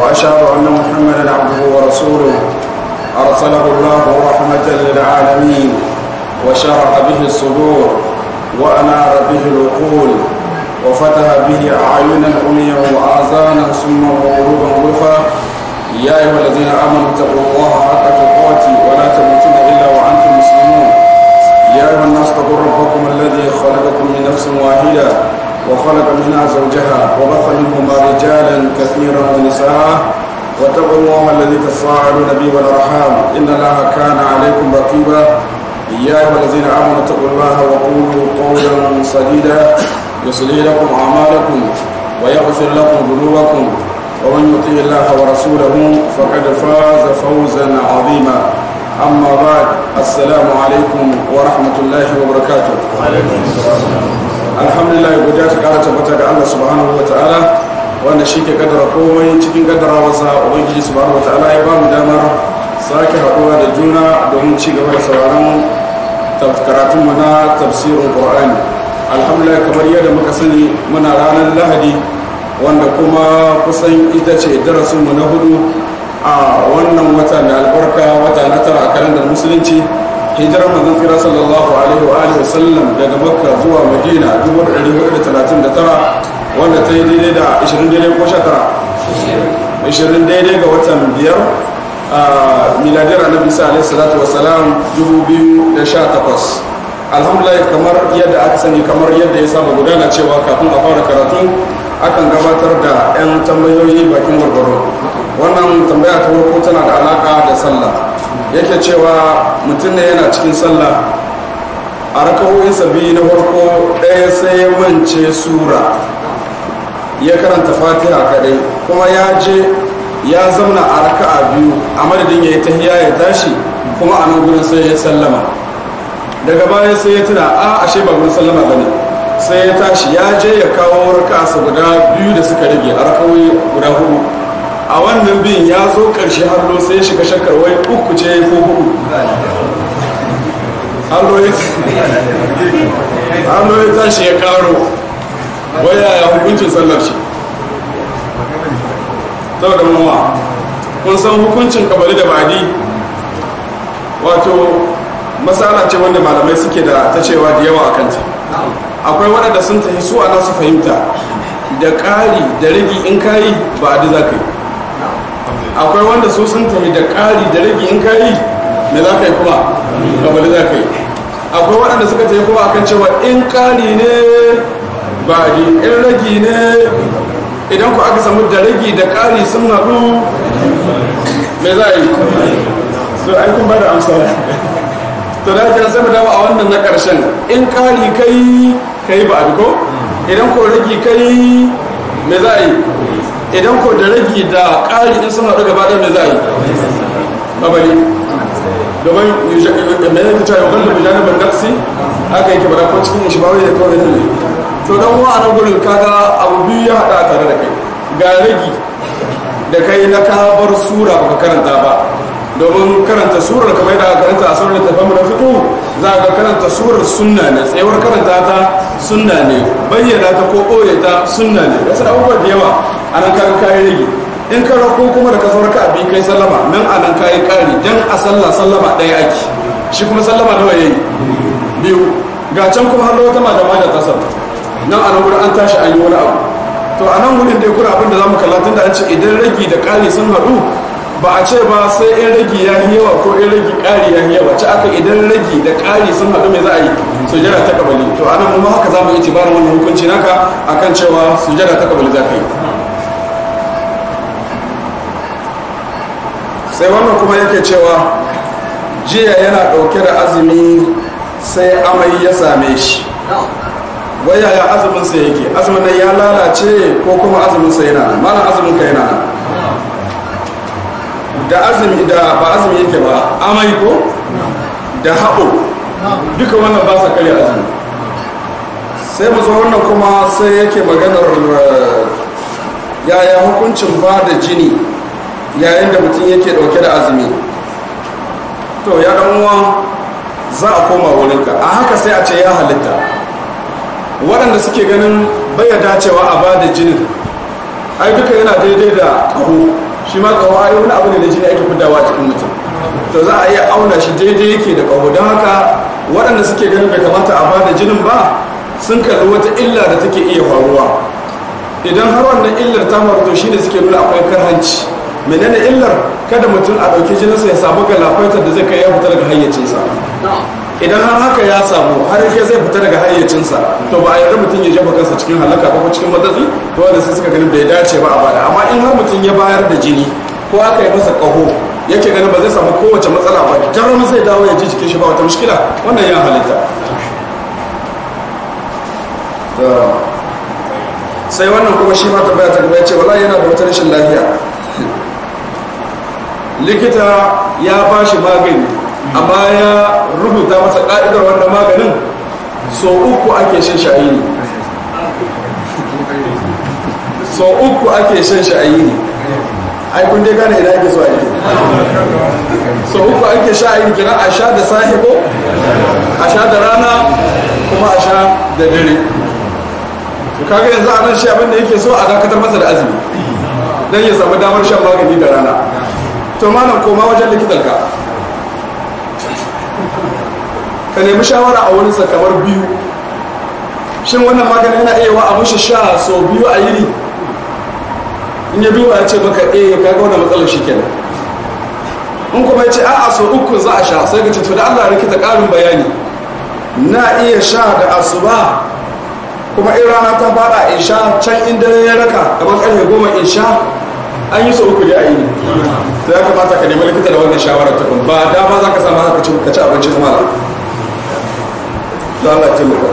وأشهد أن محمدا عبده ورسوله أرسله الله رحمة للعالمين وشرح به الصدور وأنار به العقول وفتح به أعينا الأمية وآذانا ثم وقلوبا غرفا يا أيها الذين آمنوا اتقوا الله حق تقاته ولا تموتن إلا وأنتم مسلمون يا أيها الناس اتقوا ربكم الذي خلقكم من نفس واحدة وخلق منها زوجها وبث منهما رجالا كثيرا ونساء واتقوا الله الذي تساءلون به والارحام ان الله كان عليكم رقيبا يا ايها الذين امنوا اتقوا الله وقولوا قولا سديدا يصلي لكم اعمالكم ويغفر لكم ذنوبكم ومن يطيع الله ورسوله فقد فاز فوزا عظيما اما بعد السلام عليكم ورحمه الله وبركاته وعليكم السلام alhamdulillah godiya ta kara tabbata ga Allah subhanahu wa ta'ala wanda shi ke gadara komai cikin kaddarawarsa ubangiji subhanahu wa ta'ala ya ba mu damar sake haɗuwa da juna domin ci gaba da sauraron karatunmu na tafsirin qur'ani alhamdulillah kamar yadda muka sani muna ranar lahadi wanda kuma kusan ita ce darasinmu na hudu a wannan wata da albarka wata na tara a kalandar musulunci hijirar manzon kira sallallahu alaihi wa alihi sallam daga makka zuwa madina tara wanda ta yi daidai da ashirin daidai ko tara ashirin daidai ga watan biyar a miladiyar annabi isa alaihi salatu sha takwas alhamdulillah kamar yadda aka sani kamar yadda ya saba gudana cewa kafin a fara karatu akan gabatar da 'yan tambayoyi bakin gwargwaro wannan tambaya ta farko tana da alaka da sallah yake cewa mutum ne yana cikin sallah a raka'o'insa biyu na farko ɗaya sai ya mance sura ya karanta fatiha kadai kuma ya je ya zauna a raka'a biyu a madadin ya yi ta hiya ya tashi kuma a nan sai ya sallama daga baya sai ya tuna a ashe ba gudun sallama ba ne sai ya tashi ya je ya kawo raka'a guda biyu da suka rage a rakawoyi guda hudu a wannan bin ya zo karshe allo sai shiga shakar wai uku ce ko hudu allo ya tashi ya karo waya ya hukuncin sallar shi sau da mawa kun san hukuncin kabari da badi wato matsala ce wanda malamai suke da ta cewa da yawa a kanta akwai waɗanda sun tafi su ana su fahimta da ƙari da rigi in kayi ba a za ka yi akwai wanda su sun tafi da ƙari da rage in kayi me za ka yi kuma abin za ka yi akwai waɗanda suka tafi kuma akan cewa in ƙari ne ba di in ragi ne idan ku aka samu da ragi da ƙari sun haɗu me za a yi to ai kun ba da amsa to da kira sai mu dawo a wannan na ƙarshen in ƙari kai kai ba ko idan ko ragi kai me za a yi idan ko da rage da ƙari in sun haɗu gaba ɗaya me za a yi babali domin mai yake cewa yawon da bilanin bandaksi haka yake bada ko cikin shi ba wai ya kawai ne to don wa na gurin kaga abu biyu ya haɗa tare da kai ga rage da kai na kabar bar sura ka karanta ba domin karanta surar kamar yadda karanta a surar tafan na fito za ga karanta surar sunna ne tsayuwar karanta ta sunna ne bayyana ta ko ɓoye ta sunna ne wasu abubuwa da yawa a nan kayan kayan rage in ka rako kuma da kasuwar ka abin kai sallama nan a nan kayan kari dan a sallah sallama ɗaya ake shi kuma sallama nawa yi. biyu ga can kuma har wata malama da ta sallah nan a nan wurin an tashi an yi wani abu to a nan wurin dai kura abin da za mu kalla tun da an ce idan ragi da ƙari sun haɗu ba a ce ba sai in ragi ya yi yawa ko in ragi ƙari ya yi yawa ci aka idan ragi da ƙari sun haɗu mai za a yi sujada ta kabali to anan kuma haka za mu yi tibar wani hukunci naka akan cewa sujada ta kabali za ka yi sai wannan kuma yake cewa jiya yana ɗauke da azumi sai amai ya same shi wai yaya azumin sa yake azumin nan ya lalace ko kuma azumin sa yana nan malam azumin ka yana nan da azumi da ba azumi yake ba amai ko da haɓo duka wannan ba sa karya azumi sai mu zo wannan kuma sai yake maganar eh, yaya hukuncin ba da jini yayin da mutum yake ɗauke da azumi to ya ɗan za a koma wurinka a haka sai a ce ya halitta waɗanda suke ganin baya dacewa a ba da jini. ai duka yana daidai da kahu shi ma kawai wani abu ne da jini ake fitawa a cikin mutum to za a iya auna shi daidai yake da kawo don haka waɗanda suke ganin bai kamata a bada jinin ba sun kalli wata illa da take iya faruwa idan har wannan illar ta faru to shine suke nuna akwai karhanci menene illar kada mutum a ɗauki jininsa ya samu galafaitar da zai kai ya fita daga hayyacinsa idan har haka ya samu har ke zai fita daga hayyacinsa to ba a yarda mutum ya jefa kansa cikin halaka ko cikin matsatsi to wanda sai suka ganin bai dace ba a bada amma in har mutum ya bayar da jini ko aka yi masa ƙaho yake ganin ba zai samu kowace matsala ba jarum zai dawo ya ji jikin shi ba wata mushkila wannan ya halitta sai wannan kuma shi ma tabbaya ta gaba ya ce wala yana da wata rashin lafiya likita ya ba shi magani amma ya rubuta masa ƙa'idar wannan maganin so uku ake shan sha'ayi ne so uku ake shan sha'ayi ne ai kun dai gane idan ake so ake so uku ake sha'ayi ne kira a sha da sahibo a sha da rana kuma a sha da dare to kaga yanzu a nan shi abin da yake so a dakatar masa da azumi dan ya samu damar shan magani da rana to malam koma wajen likitarka. ka ka nemi shawara a wurinsa kamar biyu shin wannan maganin yana iya wa a mushi sha sau biyu a yini in ya duba ya ce maka eh ka ga wannan matsalar shi kenan in kuma ya ce a'a sau uku za a sha sai ka ce to da Allah rikita ƙarin bayani na iya sha da asuba kuma in rana ta fada in sha can in dare ya raka kamar karfe goma in sha an yi sau uku da ayi to ya kamata ka nemi likita da wannan shawarar ta ba dama za ka samu haka ka ci abinci kuma don Allah ce muku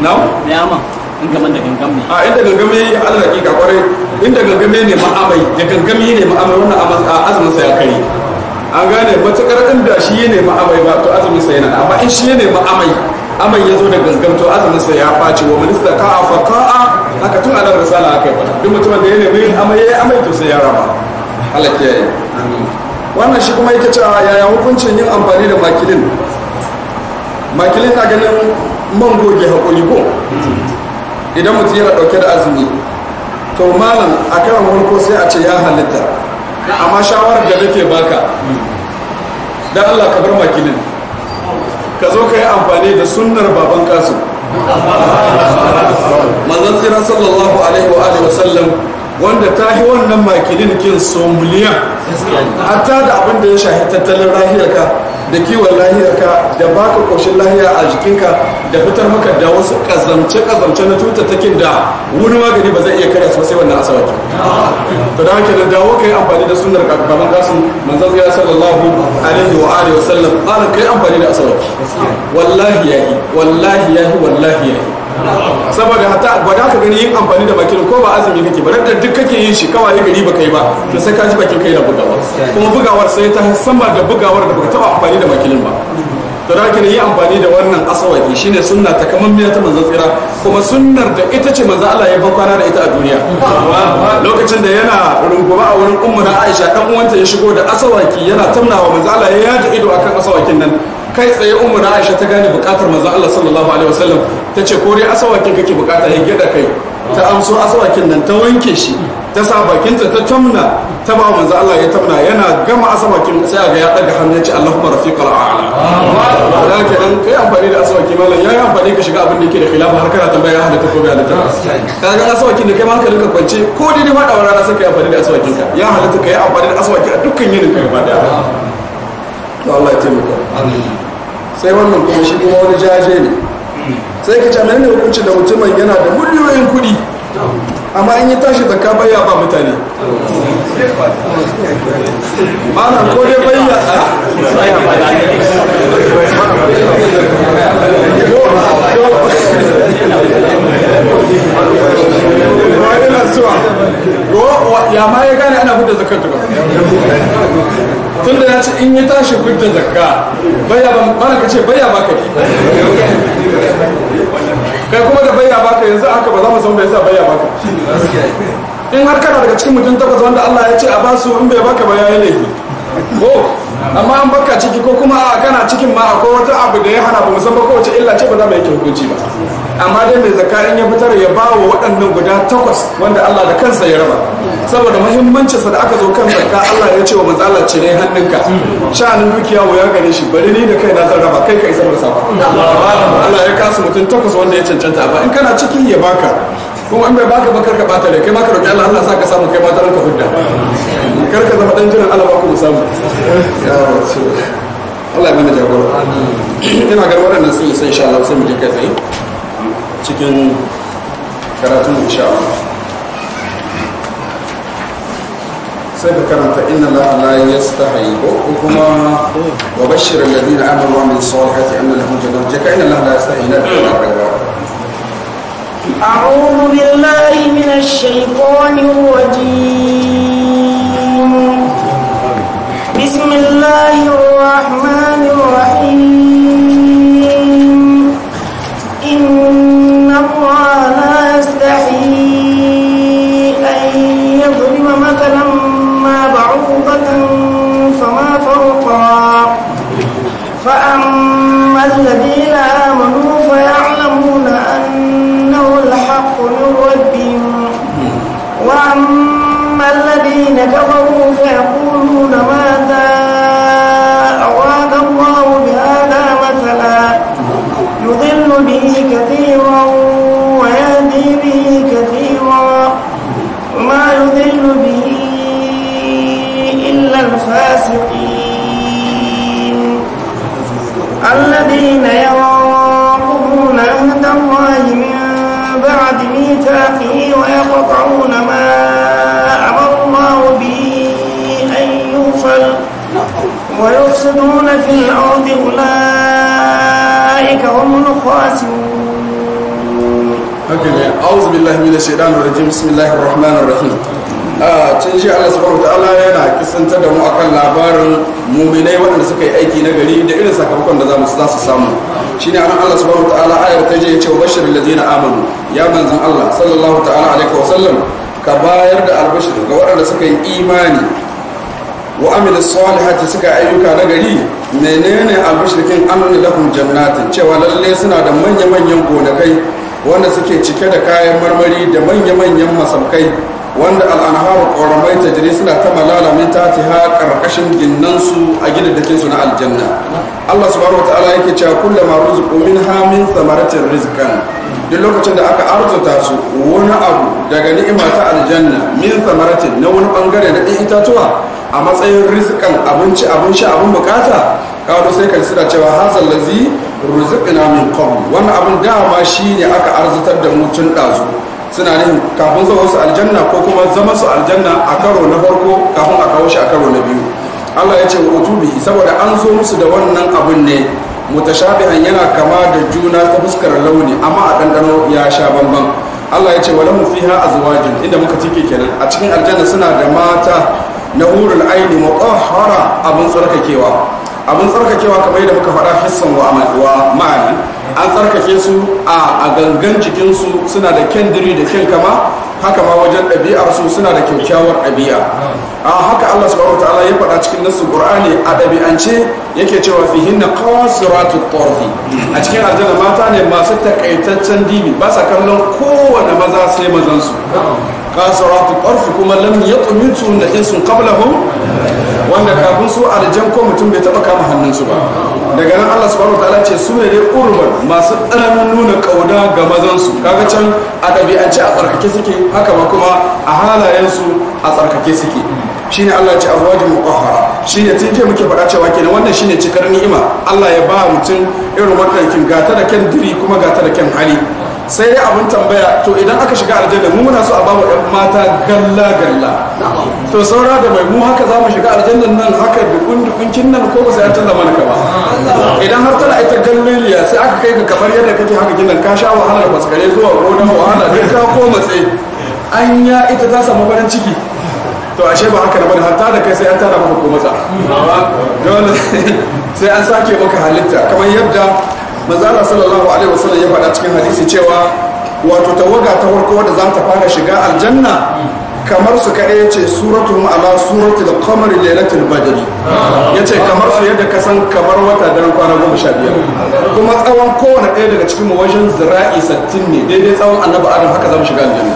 na ne ama in gaman da gangame a ah, inda gangame Allah ki ka kware inda gangame ne ma'amai da gangame ne ma'amai wannan a azumin sa ya kai an gane matukar inda shi ne ma'amai ba to azumin sa yana amma in shi ne ma'amai amai ya zo da gangan to azumin sa ya ɓaci wa minista ka a faka'a haka tun a nan risala haka yi duk mutumin da ya nemi amai ya yi amai to sai ya raba Allah kiyaye amin wannan shi kuma yake a yaya hukuncin yin amfani da makilin makilin na ganin man goge hakuri ko idan mutum yana ɗauke da azumi to malam a kan farko sai a ce ya halitta amma shawarar da nake baka don Allah ka bar makilin ka zo ka yi amfani da sunnar baban kasu manzan tsira sallallahu alaihi wa wa sallam wanda ta yi wannan makilin kin so a hatta da abin da ya shahi tattalin lahiyarka da kiwon lahiyarka da baka koshin lahiya a jikinka da fitar maka da wasu kazance-kazance na tutattakin da wani magani ba zai iya kare sosai wannan asawaki to da haka da dawo kai amfani da sunnar baban gasu manzon ya sallallahu alaihi wa alihi wa sallam ana kai amfani da asawaki wallahi yahi wallahi yahi wallahi yahi saboda hata gwada ka gani yin amfani da bakin ko ba azumi kake ba da duk kake yin shi kawai gari ba kai ba to sai ka ji bakin kai na bugawa kuma bugawar sai ta sama da bugawar da baka taba amfani da bakin ba to da yi amfani da wannan asawaki shine sunna ta kaman miya ta manzon tsira kuma sunnar da ita ce manzo Allah ya ban kwana da ita a duniya lokacin da yana rungume a wurin ummu Aisha dan uwanta ya shigo da asawaki yana tamnawa manzo Allah ya yaji ido akan asawakin nan kai tsaye umar aisha ta gane bukatar maza Allah sallallahu alaihi wasallam ta ce ko dai asawakin kake bukata ya gida kai ta amso asawakin nan ta wanke shi ta sa bakinta ta tamna ta ba maza Allah ya tamna yana gama asawakin sai ga ya daga hannun ci Allahumma rafiqal a'la da ke nan kai amfani da asawaki malam yayi amfani ka shiga abin da yake da khilafa har kana tambaya ya halatta ko bai ka ga asawakin da kai ma hankalinka kwance ko dai ma da wara sai kai amfani da asawakin ka ya halatta kai amfani da asawakin a dukkan yinin ka ba da to Allah ya taimaka sai wannan kuma shi kuma wani jaje ne hmm. sai ka ce menene hukuncin da mutumin yana da miliyoyin kuɗi amma in yi tashi ka bayya ba mutane ba na ko dai bayya a suwa ya ma ya gane ana fidda zakar tuka tun da ya ce in yi tashi fidda zakka baya ba mana ka ce baya baka ka kai kuma da baya baka yanzu haka ba za mu san da sa baya baka in har kana daga cikin mutum takwas wanda Allah ya ce a ba su in bai baka ba ya laifi ko amma an baka ciki ko kuma kana cikin ma akwai wata abu da ya hana ba musamman kowace illa ce ba za mu yi hukunci ba amma dai mai zakarin ya fitar ya ba wa waɗannan guda takwas wanda Allah da kansa ya raba saboda muhimmancinsa da aka zo kan zakka Allah ya ce wa matsala ce ne hannunka sha'anin dukiya ya gare shi bari ni da kai na zan raba kai ka isa masa ba Allah ya kasu mutum takwas wanda ya cancanta ba in kana cikin ya baka kuma an bai baka ba karka bata dai kai ma ka roki Allah Allah sa ka samu kai ma ta ranka hudda karka zama dan jiran Allah ba ku samu Allah ya mana jagora ina ga waɗannan sun yi sai insha Allah sai mu je kai tsaye cikin karatun sai ka karanta inna allaha la yastahi ko kuma wa bashir alladhina amanu wa min salihati anna lahum jannatan jaka inna allaha la yastahi la yughayyiru أعوذ بالله من الشيطان الرجيم za mu su samu shine an Allah subhanahu ta'ala ayar ta je ya ce bashir na amanu ya manzon Allah sallallahu ta'ala alaihi wa sallam ka bayar da albashir ga waɗanda suka yi imani wa amila salihati suka ayyuka na gari menene albashirkin amna lahum jannatin cewa lallai suna da manya-manyan gonakai wanda suke cike da kayan marmari da manya-manyan masamkai wanda al'anharu ƙoramai ta jiri suna ta malala min ta ha ƙarƙashin ginnansu a gidaddakinsu na aljanna allah subhanahu wa ta'ala yake cewa kulla ma ruzuqu min ha min rizqan duk lokacin da aka arzuta su wani abu daga ni'ima ta aljanna min samaratin na wani bangare na ɗin itatuwa a matsayin rizqan abinci abin sha abin bukata kawo sai kan suna cewa hazal lazi ruzuqina min qabl wannan abin dama shine aka arzutar da mu tun ɗazu suna nufin kafin zuwa su aljanna ko kuma zama su aljanna a karo na farko kafin a kawo shi a karo na biyu Allah ya ce wa utubi saboda an zo musu da wannan abun ne mutashabihan yana kama da juna ta fuskar launi amma a ɗanɗano ya sha bamban Allah ya ce wa lahum fiha azwajin inda muka tike kenan a cikin aljanna suna da mata na hurul aini mutahhara abin tsarkakewa abin tsarkakewa kamar yadda muka faɗa hissan wa ma'ani an tsarkake su a gangan jikinsu suna da kyan diri da kyan kama haka ma wajen ɗabi'arsu suna da kyakkyawar ɗabi'a a haka allah subhanahu ta'ala ya faɗa cikin nasu qur'ani a ɗabi'ance yake cewa fihinna qasiratu ƙorfi." a cikin aljanna mata ne masu takaitaccen dibi ba sa kallon kowane maza sai mazansu kasaratu ƙarfi kuma lam ya tsumintu na insun qablahu wanda kafin su aljan ko mutum bai taɓa kama hannunsu ba daga nan allah subhanahu wa ta'ala ce su ne dai urban masu tsananin nuna ƙauna ga mazansu kaga can a ɗabi'ance a tsarkake suke haka ba kuma a halayensu a tsarkake suke shine allah ce azwajin muqahhara shine tun je muke faɗa cewa kenan wannan shine cikar ni'ima Allah ya ba mutum irin wannan kin gata da kyan diri kuma gata da kyan hali sai dai abin tambaya to idan aka shiga aljanna mu muna so a ba mu ɗan mata galla galla to saura da mai mu haka za mu shiga aljanna nan haka dukun dukunkin nan ko ba sai an tallama ba idan har tana ita galliliya sai aka kai ka kamar yadda kake haka ginan ka sha wahalar faskare zuwa gona wahala dai ka ko matse an ya ita ta samu farin ciki to ashe ba haka na har ta da kai sai an tara maka ko matsa dole sai an sake maka halitta kamar yadda manzala sallallahu alaihi wasallam ya faɗa cikin hadisi cewa wato tawaga ta farko wadda za ta fara shiga aljanna kamar su kare ya ce suratu ala suratu da kamar lailatul badr ya ce kamar su yadda ka san kamar wata daren kwana goma sha biyar kuma tsawon kowane ɗaya daga cikin wajen zira'i sattin ne daidai tsawon annabi adam haka zamu shiga aljanna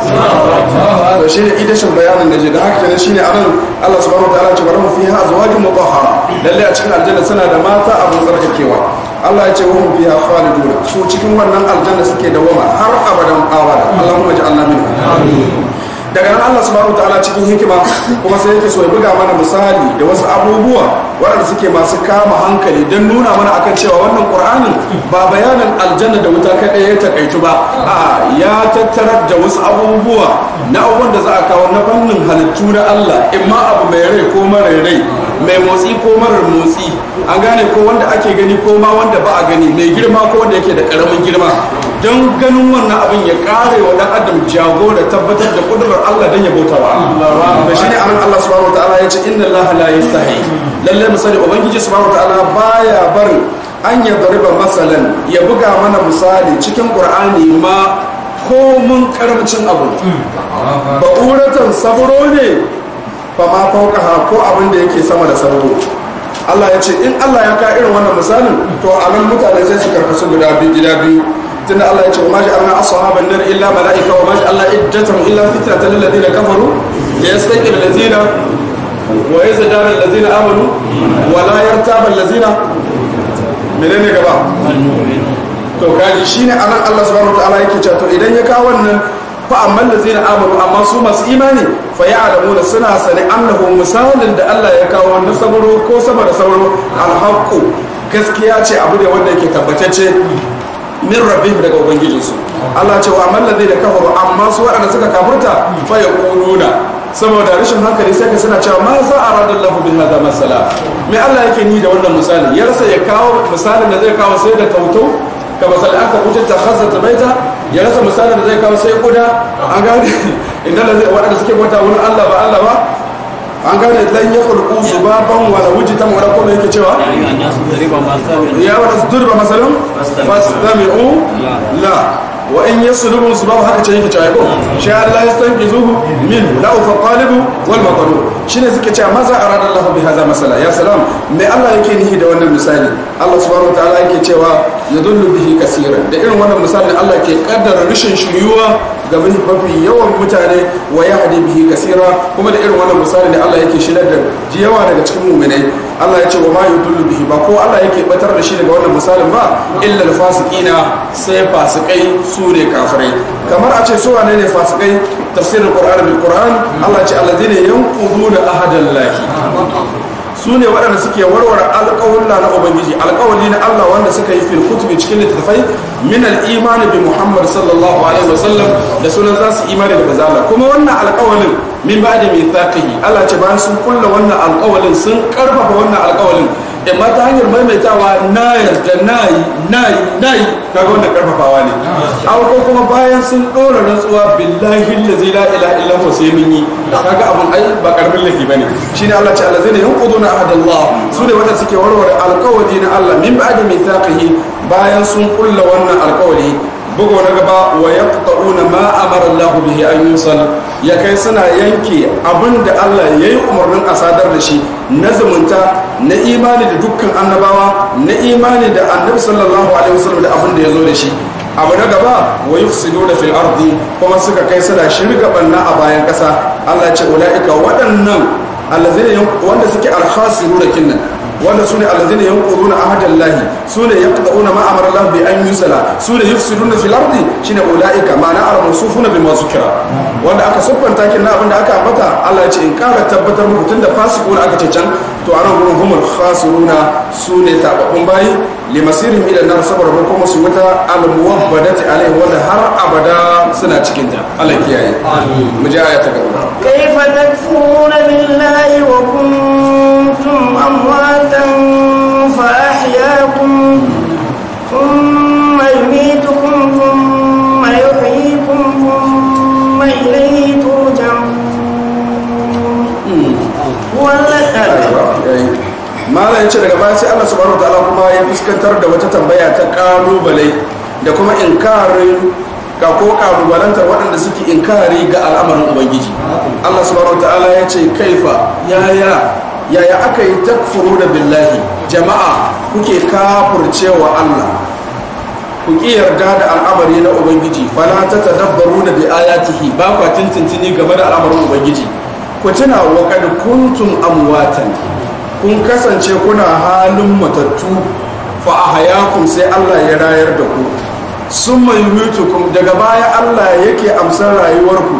to shine idashin bayanin da je da haka kenan shine anan Allah subhanahu wa ta'ala ya ce bari mu fiha azwajun mutahhara lalle a cikin aljanna suna da mata abun tsarkakewa Allah ya ce wa ya fara dole. su cikin wannan aljanna suke da wama. har abadan Allah kuma ji Allah amin daga nan Allah subhanahu ta'ala cikin hikima kuma sai yake so ya buga mana misali da wasu abubuwa waɗanda suke masu kama hankali don nuna mana akan cewa wannan ƙuranin ba bayanin aljanna da wuta kaɗai ya takaitu ba a ya tattara da wasu abubuwa na abubuwan da za a kawo na fannin halittu na Allah imma abu mai rai ko mara rai mai motsi ko marar motsi an gane ko wanda ake gani ko ma wanda ba a gani mai girma ko wanda yake da karamin girma don ganin wannan abin ya kare wa dan adam jago da tabbatar da kudurar Allah dan ya bauta wa Allah shi ne abin Allah subhanahu wataala ya ce inna Allah la yastahi lalle misali ubangiji subhanahu wataala baya barin an ya dariba masalan ya buga mana misali cikin qur'ani ma ko komun karamcin abu ba'uratan saburo ne fa ma fawqaha ko abin da yake sama da sabo Allah ya ce in Allah ya ka irin wannan misalin to a nan mutane sai su karkasu guda biyu gida biyu tunda Allah ya ce wa ma ja'alna ashaban nar illa malaika wa ma Allah iddatan illa fitratan lil ladina kafaru yastaqil ladina wa yazdana ladina amanu wa la yartaba ladina menene gaba to kaji shine anan Allah subhanahu wa ta'ala yake cewa to idan ya ka wannan fa amma allazina amanu amma su masu imani fa ya'lamuna suna sani annahu misalin da Allah ya kawo wani sabaro ko sama da sauro alhaqqu gaskiya ce abu da wanda yake tabbatacce min rabbihim daga ubangijinsu Allah ce wa amma allazina kafaru amma su waɗanda suka kafurta fa yaquluna saboda rashin hankali sai ka suna cewa ma za a radar lafu bin hada masala mai Allah yake ni da wannan misali ya rasa ya kawo misalin da zai kawo sai da tautau ka masala aka wuce ta hazza ta baita ya rasa misalin da zai kawo sai kuda an gane inda waɗanda suke bauta wani allah ba allah ba an gane dan ya kulku ban wala wuji wujitan wala kuma yake cewa ya wada durba masalan fastami'u la wa in su ba haka cewa yake cewa ko sha Allah yastanqizuhu min la fa talibu wal maqdur shine suke cewa maza arada Allah bi hadha masala ya salam me Allah yake nihi da wannan misali Allah subhanahu wa ta'ala yake cewa ya dullu bihi kasira da irin wannan misali Allah ke kaddara rashin shiryuwa ga mafi yawan mutane wa ya hadi bihi kasira kuma da irin wannan misali da Allah yake shirar da jiyawa daga cikin mu'minai Allah ya ce wa ma yudullu bihi ba ko Allah yake batar da shi daga wannan misalin ba illa fasikina sai fasikai su ne kafirai kamar a ce su wane ne fasikai tafsirin qur'ani bil qur'an Allah ya ce allazina yanquduna ahadallahi su ne waɗanda suke warware alƙawalla na ubangiji alƙawali na allah wanda suka yi fil kutubi cikin littattafai min imani bi muhammad sallallahu alaihi sallam da sunan za su imani da bazala kuma wannan alƙawalin min ba da mai allah ce bayan sun kulla wannan alƙawalin sun karfafa wannan alƙawalin amma ta hanyar maimaitawa na yarda na yi na yi na yi kaga wanda karfafawa ne ah. ko kuma bayan sun dora rantsuwa billahi da zai ilaha illa ko sai mun yi kaga abun ai ba karbin ba bane shine Allah ce allazina na ahadallah su ne wata suke warware alkawari na Allah min ta mithaqihi bayan sun kulla wannan alkawari bugo na gaba wa yaqta'una ma amara Allah bihi an yusal ya kai suna yanke abin da allah ya yi umarnin a sadar da shi na zumunta na imani da dukkan annabawa na imani da annabi sallallahu alaihi wasallam da abin da ya zo da shi abu na gaba wa yufsidu da fil ardi kuma suka kai suna shirga banna a bayan kasa allah ce ula'ika waɗannan allazina wanda suke alkhasiru kinnan wanda sune allazina yanquduna ahadallahi sune yaqdauna ma amara Allah bi an yusala sune yufsiduna fil ardi shine ulaika ma na al-musufuna bima zukira wanda aka siffanta kinna abinda aka ambata Allah ya ce in kara tabbatar muku da fasiquna aka ce can to anan gurin humul khasiruna sune tababbun bayi limasirin idan nar saboda ko kuma su wuta al-muwabbadati alaihi wanda har abada suna cikin ta Allah kiyaye mu ji aya ta gaba kayfa takfuruna billahi wa kuntum amwatan fa ahyaakum ce daga baya sai Allah subhanahu wataala kuma ya fuskantar da wata tambaya ta kalubale da kuma inkari ga ko kalubalanta waɗanda suke inkari ga al'amarin ubangiji Allah subhanahu wataala ya ce kaifa yaya yaya aka yi takfuru da billahi jama'a kuke kafurcewa Allah ku ki yarda da al'amari na ubangiji fala ta tadabbaru da bi ayatihi ba kwa tintintini game da al'amarin ubangiji ku tuna wa kad kuntum amwatan kun kasance kuna halin matattu fa ahyaakum sai Allah ya rayar da ku summa yumitukum daga baya Allah yake amsar rayuwarku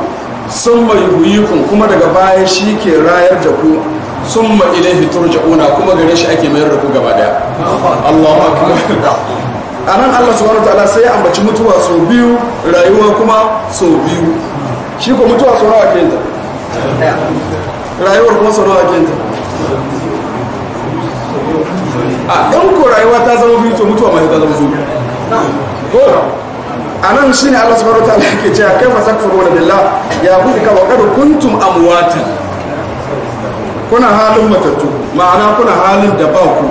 summa yuhyikum kuma daga baya shi ke rayar da ku summa ilaihi turja'una kuma gare shi ake mayar da ku gaba daya Allahu akbar anan Allah subhanahu ta'ala sai ya ambaci mutuwa sau biyu rayuwa kuma sau biyu shi ko mutuwa sau nawa kenta ta rayuwar kuma sau nawa kenta ta a ɗan ko rayuwa ta zama biyu to mutuwa mai ta zama zuwa ko a nan shi ne allah subhanahu wa ke cewa kai fa takfuru wa billah ya kuzi ka wa kuntum amwatan kuna halin matattu ma'ana kuna halin da ba ku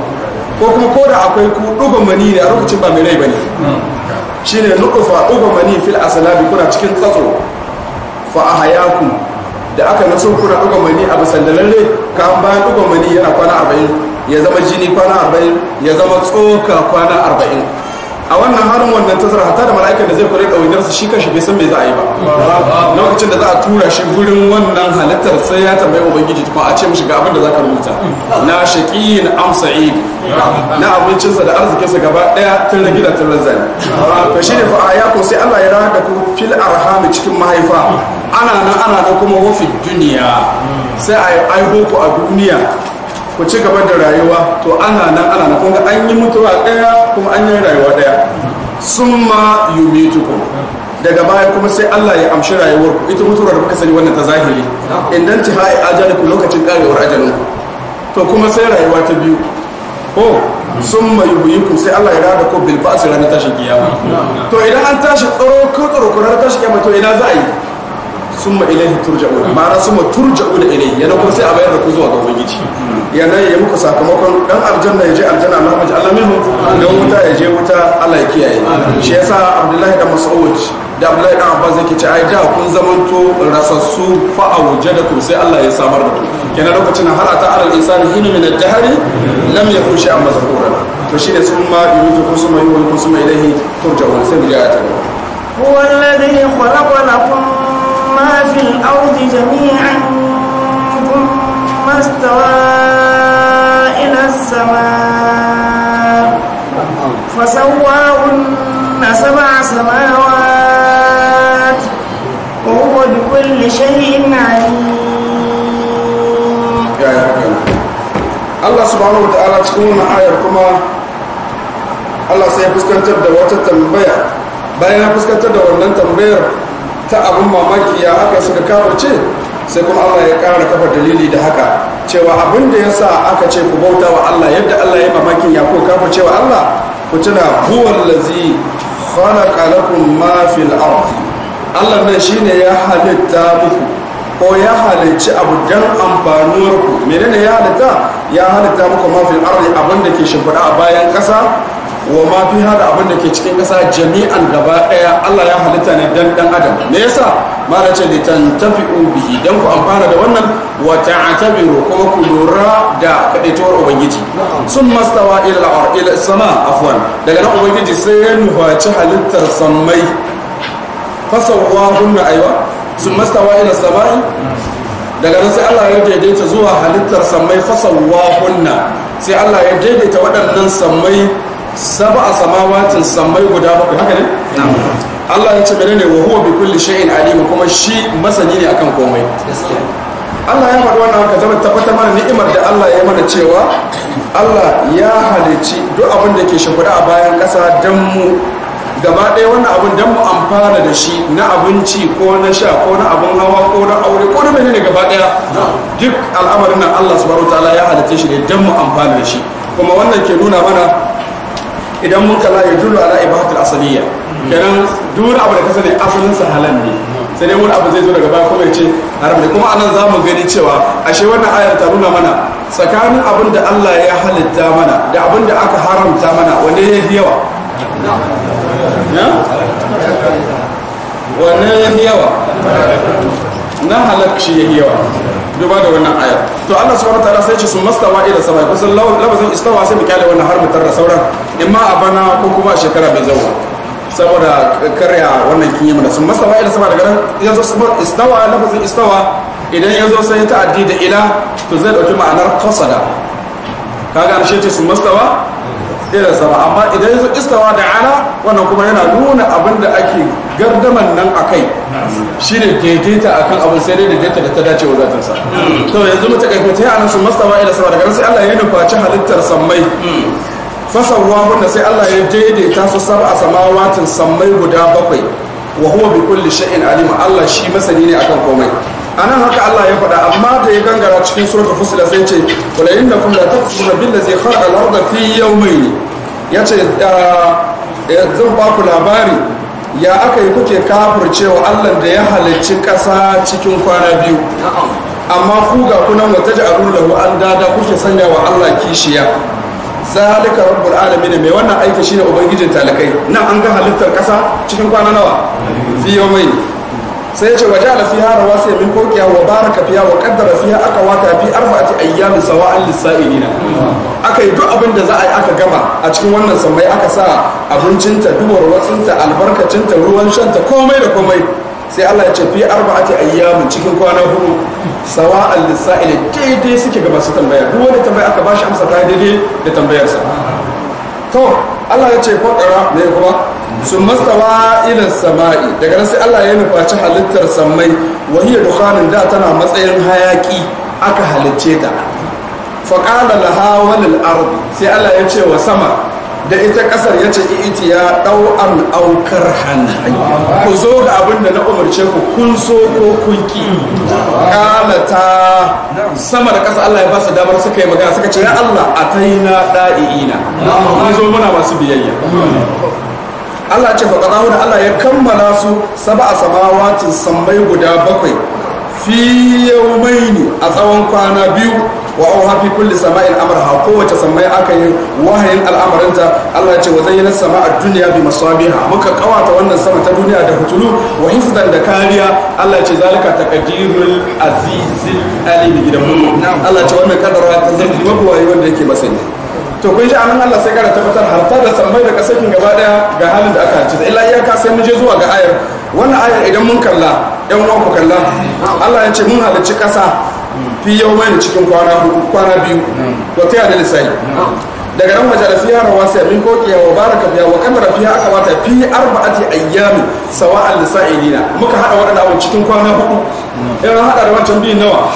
ko kuma ko da akwai ku ɗugun mani ne a lokacin ba mai rai ba ne shi ne nuɗufa ɗugun mani fil asalabi kuna cikin tsatso fa a ku da aka naso kuna ɗugun mani a bisan dalilai ka an bayan ɗugun mani yana kwana arba'in ya zama jini kwana arba'in ya zama tsoka kwana arba'in a wannan harin wannan zara hata da mala'ikan da zai kula da su shi kashi bai san mai za a yi ba lokacin da za a tura shi gurin wannan halittar sai ya tambayi ubangiji kuma a ce mishi ga abin da za ka rubuta na na amsa na abincinsa da arzikinsa gaba ɗaya tun da gida tun razali ka shi ne fa'a ya ko sai Allah ya raka da ku fil arhami cikin mahaifa ana nan ana nan kuma wafi duniya sai a yi ku a duniya ku ci gaba da rayuwa to ana nan ana nan kun an yi mutuwa ɗaya kuma an yi rayuwa ɗaya summa yumitukum daga baya kuma sai Allah ya amshi rayuwar ku ita mutuwar da kuka sani wannan ta zahiri idan ci ha'i ajalikum lokacin karewar ajalin ku to kuma sai rayuwa ta biyu ko oh, summa ku sai Allah ya rada ko bil ba'si ranar tashin kiyama to idan an tashi tsoro ko tsoro ko ranar tashi kiyama to ina za a yi summa ilaihi turja'una ma'ana summa turja'una ilaihi yana kuma sai a bayar da ku zuwa ga ubangiji yana ya muku sakamakon dan aljanna ya je aljanna Allah maji Allah minhu dan wuta ya je wuta Allah ya kiyaye shi yasa Abdullahi da Mas'ud da Abdullahi da Abbas yake ce ai da kun zamanto rasassu fa awjadakum sai Allah ya samar da ku kenan lokacin har ata alal insani hinu min ad-dahri lam yakun shay'an mazkura to shine summa yumitukum summa yuhyikum summa ilaihi turja'una sai mu ga ta huwa alladhi khalaqa lakum ما في الأرض جميعا ثم استوى إلى السماء فسواهن سبع سماوات وهو بكل شيء عليم Allah subhanahu wa ta'ala cikin wannan ayar kuma Allah sai ya fuskantar da wata tambaya bayan ya fuskantar da wannan tambayar ta abin mamaki ya aka suka ce sai kuma Allah ya kara kafa dalili da haka cewa abin da ya sa aka ce ku bauta wa Allah yadda Allah ya mamakin ya ko kafa cewa Allah ku tuna huwal lazi khalaqa lakum ma fil ard Allah ne shine ya halitta muku ko ya halicci abu dan amfanuwarku menene ya halitta ya halitta muku ma fil ard abin da ke shimfiɗa a bayan kasa. wa ma fi hada abin da ke cikin ƙasa jami'an gaba ɗaya Allah ya halitta ne dan dan adam me yasa malace ce li tantafi'u bihi dan ku amfana da wannan wa ta'tabiru kuma ku lura da kadaitawar ubangiji sun mastawa ila al-ar ila sama afwan daga nan ubangiji sai ya nufaci halittar sammai fasawahunna aywa sun mastawa ila sama'i daga nan sai Allah ya daidaita zuwa halittar sammai fasawahunna sai Allah ya daidaita waɗannan sammai saba a samawatin sammai guda bakwai haka ne Allah ya ce mene ne wa huwa bi kulli shay'in alim kuma shi masani ne akan komai Allah ya faɗi wannan haka zama tabbatar mana ni'imar da Allah ya mana cewa Allah ya halici duk abin da ke shimfiɗa a bayan ƙasa dan mu gaba ɗaya wannan abin dan mu amfana da shi na abinci ko na sha ko na abin hawa ko na aure ko na menene gaba ɗaya duk al'amarin nan Allah subhanahu wataala ya halice shi ne dan mu amfana da shi kuma wannan ke nuna mana idan mun kala ya dulu ala ibahatul asaliya kenan duk abu da kasa ne asalin sa halal ne sai dai wani abu zai zo daga baya kuma ya ce ne kuma anan zamu gani cewa ashe wannan ayar ta nuna mana tsakanin abin da Allah ya halitta mana da abin da aka haramta mana wanda ya yi yawa wanne ya yi yawa na halak shi ya yawa duba da wannan aya to Allah subhanahu ta'ala sai ce sun mastawa ila sama kusan lafazin istawa sai mu kyale wannan har mu tarra sauran imma a bana ko kuma shekara mai zawa saboda karya wannan yi mana. sun mastawa ila sama daga nan sun istawa lafazin istawa idan yanzu sai ya ta'addi da ila to zai dauki ma'anar qasada kaga an ce sun mastawa irin sama amma idan ya zo istawa da ana wannan kuma yana nuna abin da ake gardaman nan a kai shi ne daidaita a kan abin sai dai daidaita da ta dace wa zatinsa to yanzu mu takaita ta yana su mastawa ila sama daga nan sai Allah ya nufaci halittar sammai ruwa wanda sai Allah ya daidaita su sab'a samawatin sammai guda bakwai wa huwa bi kulli shay'in alim Allah shi masani ne akan komai anan haka Allah ya faɗa amma da ya gangara cikin suratul fusila sai ce wala innakum la takfuruna billazi khalaqa al-arda fi yawmayn yace eh, zan ba ku labari ya aka yi kuke kafircewa Allah da ya halicci ƙasa cikin kwana biyu amma ku ga kunan wata ja'alun lahu an dada kuke sanya wa Allah kishiya zalika rabbul alamin mai wannan aiki shine ubangijin talakai nan an ga halittar ƙasa cikin kwana nawa fi yawmayn sai ya ce waje alafiya rawasi min fawqiha wa baraka fiha wa qaddara fiha aka wata fi arba'ati ayyamin sawa'an lis akai duk abin da za a yi aka gama a cikin wannan sammai aka sa abincinta dubar watsinta albarkacinta ruwan shanta komai da komai sai Allah ya ce fi arba'ati ayyamin cikin kwana hudu sawa'an lis daidai suke ga masu tambaya duk wani tambaya aka bashi amsa ta daidai da tambayarsa to Allah ya ce ko ne kuma sun mastawa ilin sama'i daga nan sai Allah ya nufaci halittar sammai wahiyar dukkanin da tana matsayin hayaki aka halicce ta faƙala laha walil ardi sai Allah ya ce wa sama da ita ƙasar ya ce iti ya ɗau an aukar hannu ku zo ga abin da na umarce ku kun so ko kun ki ƙalata sama da ƙasa Allah ya ba su damar suka yi magana suka ce ya Allah a ta na ɗa'i'ina mun zo muna masu biyayya Allah ce fa kaza da Allah ya kammala su sab'a a samawatin sammai guda bakwai fi yawmaini a tsawon kwana biyu wa au hafi kulli sama'in amarha kowace samai aka yi wahayin al'amarinta Allah ce wa zayyana sama'a duniya bi masabiha muka kawata wannan sama ta duniya da hutulu wa hifdan da kariya Allah ce zalika taqdirul azizil alim gidan mu Allah ce wannan kadarwa ta zai yi wanda yake masani to kun ji anan Allah sai kara tabbatar harta da sammai da kasakin gaba daya ga halin da aka ci illa iyaka sai mun je zuwa ga ayar wannan ayar idan mun kalla ɗan uwan ku kalla Allah ya ce mun halarci kasa fi yau mai cikin kwana hudu kwana biyu to ta da lisai daga nan wajen fiya rawa sai min koki wa baraka biya wa kamar fiya aka wata fi arba'ati ayyami sawa'al lisa'ilina muka hada wadannan cikin kwana hudu in hada da wancan biyu nawa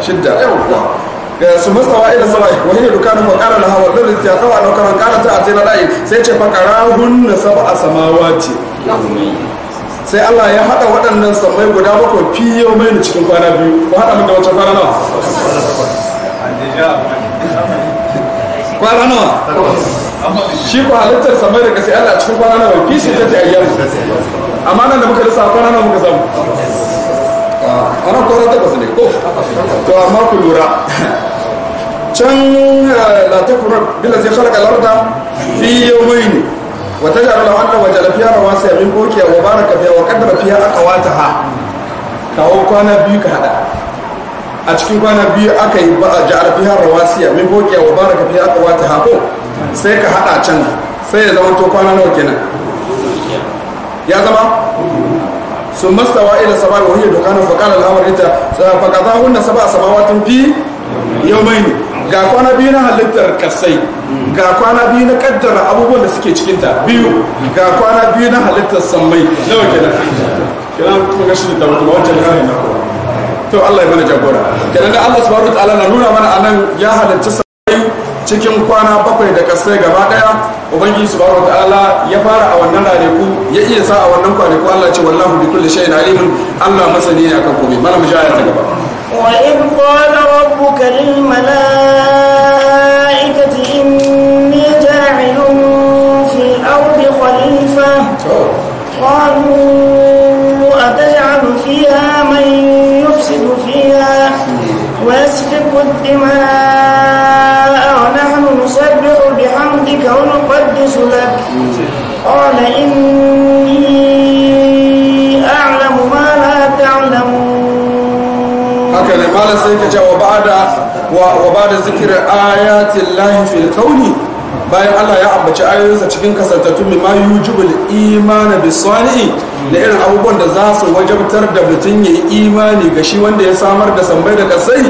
shidda yawwa su wa ila sawa'i wa hiya dukanu fa qala laha wa dalil ta qawa law kana qala ta atina da'i sai ce fa qarahun sab'a samawati sai Allah ya hada waɗannan sammai guda bakwai fi yau mai cikin kwana biyu ko hada mun da wata kwana nawa kwana nawa shi ko halittar samai daga sai Allah cikin kwana nawa fi shi ta ayyam amma nan da muka lissa kwana nawa muka samu ana kwana takwas ne ko to amma ku lura can la takuna bila zai khalaqa al-arda fi yawmayn wa taj'al lahu anna wajala fiha rawasiya min bukiya wa baraka fiya wa fiya qaddara fiha aqwataha kawo kwana biyu ka hada a cikin kwana biyu aka yi ja'ala fiha rawasiya min bukiya wa baraka wata ha ko sai ka hada can sai ya zama to kwana nawa kenan ya zama sun mastawa ila sama wa hiya dukanan fa qala ita amrita fa qadahunna sab'a samawatin fi ne ga kwana biyu na halittar kasai ga kwana biyu na kaddara abubuwan da suke cikin ta biyu ga kwana biyu na halittar sammai nawa kenan kenan kuma gashi da mutum wancan kare na to Allah ya bana jagora kenan da Allah subhanahu wa ta'ala na nuna mana anan ya halitta cikin kwana bakwai da kasai gaba daya ubangiji subhanahu ta'ala ya fara a wannan ranaku ya iya sa a wannan kwanaku Allah ce wallahu bi kulli shay'in alimun Allah masani ne akan komai malam jaya ta gaba wa in qala rabbuka lil malaikati inni ja'ilun fil ardi khalifa qalu ataj'alu fiha man yufsidu fiha wa yasfiku ad-dimaa يجوز لك قال إني أعلم ما لا تعلمون هكذا ما لسيك وبعد وبعد ذكر آيات الله في الكون bayan Allah ya ambaci ayoyinsa cikin kasantattun mimma yujibul imana bi sani da irin abubuwan da za su wajabtar da mutum ya yi imani ga shi wanda ya samar da sambai daga sai?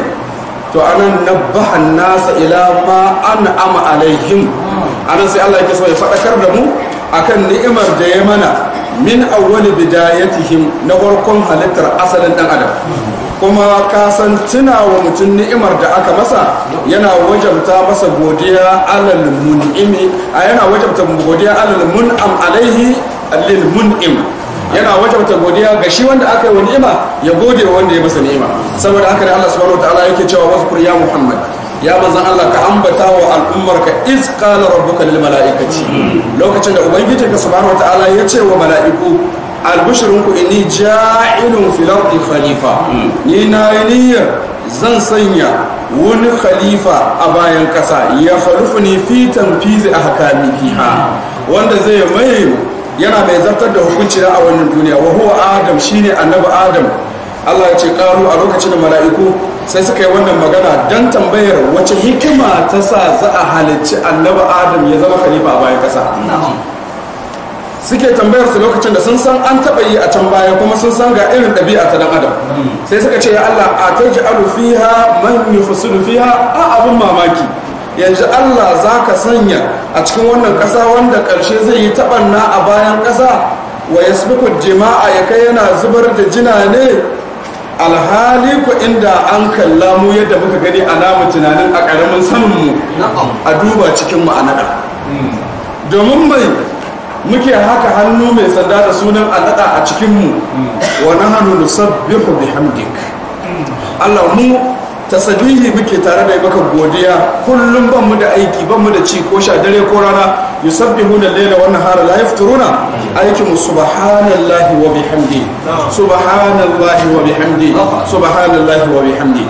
to anan nabbahan nasa ila ma an ama alaihim anan sai Allah yake so ya faɗakar da mu akan ni'imar da ya mana min awwali bidayatihim na farkon halittar asalin dan adam kuma ka san wa mutum ni'imar da aka masa yana wajabta masa godiya alal mun'imi a yana wajabta godiya alal mun'am alaihi alil mun'im yana wajabta godiya ga shi wanda aka yi wa ni'ima ya gode wa wanda ya masa ni'ima saboda haka ne Allah subhanahu wa ta'ala yake cewa wasu ya Muhammad ya manzan Allah ka ambata wa al'ummarka iz qala rabbuka lil mala'ikati lokacin da ubangiji ka subhanahu wataala ya ce wa mala'iku albushrunku inni ja'ilun fil ardi khalifa ni na niyyar zan sanya wani khalifa a bayan kasa ya khalufuni fi tanfizi ahkami ha. wanda zai mai yana mai zartar da hukunci a wannan duniya wa huwa adam shine annabi adam Allah ya ce karu a lokacin da mala'iku sai suka yi wannan magana don tambayar wace hikima ta sa za a halicci annabi adam ya zama khalifa a bayan kasa suke tambayar su lokacin da sun san an taba yi a can baya kuma sun san ga irin ɗabi'a ta dan adam sai suka ce ya Allah a taj'alu fiha man yufsidu fiha a abin mamaki yanzu Allah za ka sanya a cikin wannan ƙasa wanda ƙarshe zai yi taɓanna a bayan kasa? wa yasbiqu jima'a ya kai yana zubar da jina ne alhali ku inda an kalla mu yadda muka gani a namu tunanin a ƙaramin mu a duba cikin ma'anada domin mai muke haka hannu mai sanda da sunan alada a cikinmu mm. wa nahanu nusabbihu bihamdik mm. Allah mu tasbihi muke tare da maka godiya kullum ban mu da aiki ban mu da ci ko sha dare ko rana yusabbihuna al-layla wa nahara la yafturuna mu subhanallahi wa bihamdi subhanallahi wa bihamdi subhanallahi wa bihamdi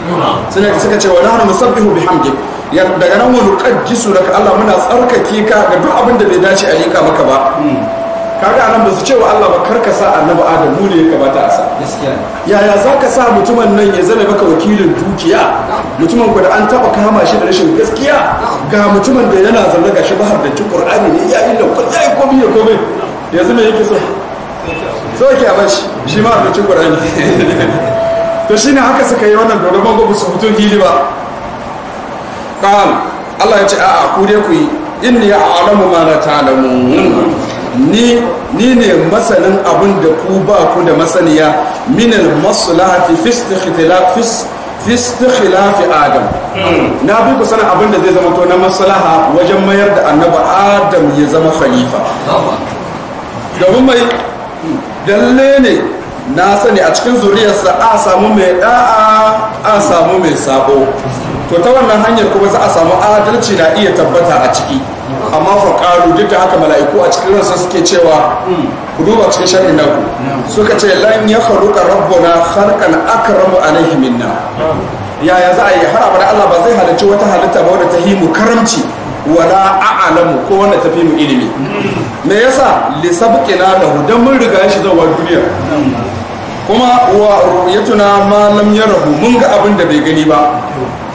suna suka ce wa nahnu musabbihu bihamdi daga nan wani nuqaddisu daga Allah muna tsarkake ka ga duk abin da bai dace a yi ka maka ba kaga anan ba su cewa Allah ba karka sa annabi Adam mu ne ya kamata a sa yaya za ka sa mutumin nan ya zama maka wakilin dukiya mutumin da an taba kama shi da rashin gaskiya ga mutumin da yana zalla ga shi har da cikin Qur'ani ne ya yi ko ya yi komai ya komai yanzu me yake so so yake a bashi shi ma da cikin Qur'ani to shine haka suka yi wannan dogon bango su mutum hili ba qal Allah ya ce a'a ku dai ku yi inni ya'lamu ma la ta'lamun ni ni ne masanin abin da ku ba ku da masaniya minal maslahati fi istikhlaf adam hmm. na bi ku sanin abin da zai zama to na maslaha wajen mayar da annabi adam ya zama khalifa domin mai dalle ne na sani a cikin zuriyarsa a samu mai da'a a samu mai sabo to ta wannan hanyar kuma za a samu adalci na iya tabbata a ciki amma faƙalu duk da haka mala'iku a cikin ransa suke cewa hmm, ku duba cikin sharri na ku suka ce lan ya faruka rabbuna a akramu alaihi minna yaya za a yi har abada Allah ba zai halarci wata halitta ba wadda ta himu karamci wala a'lamu ko wanda ta fi mu ilimi me yasa li sabqina lahu dan mun riga shi zuwa duniya kuma wa ru'yatuna ma lam yarahu mun ga abin da bai gani ba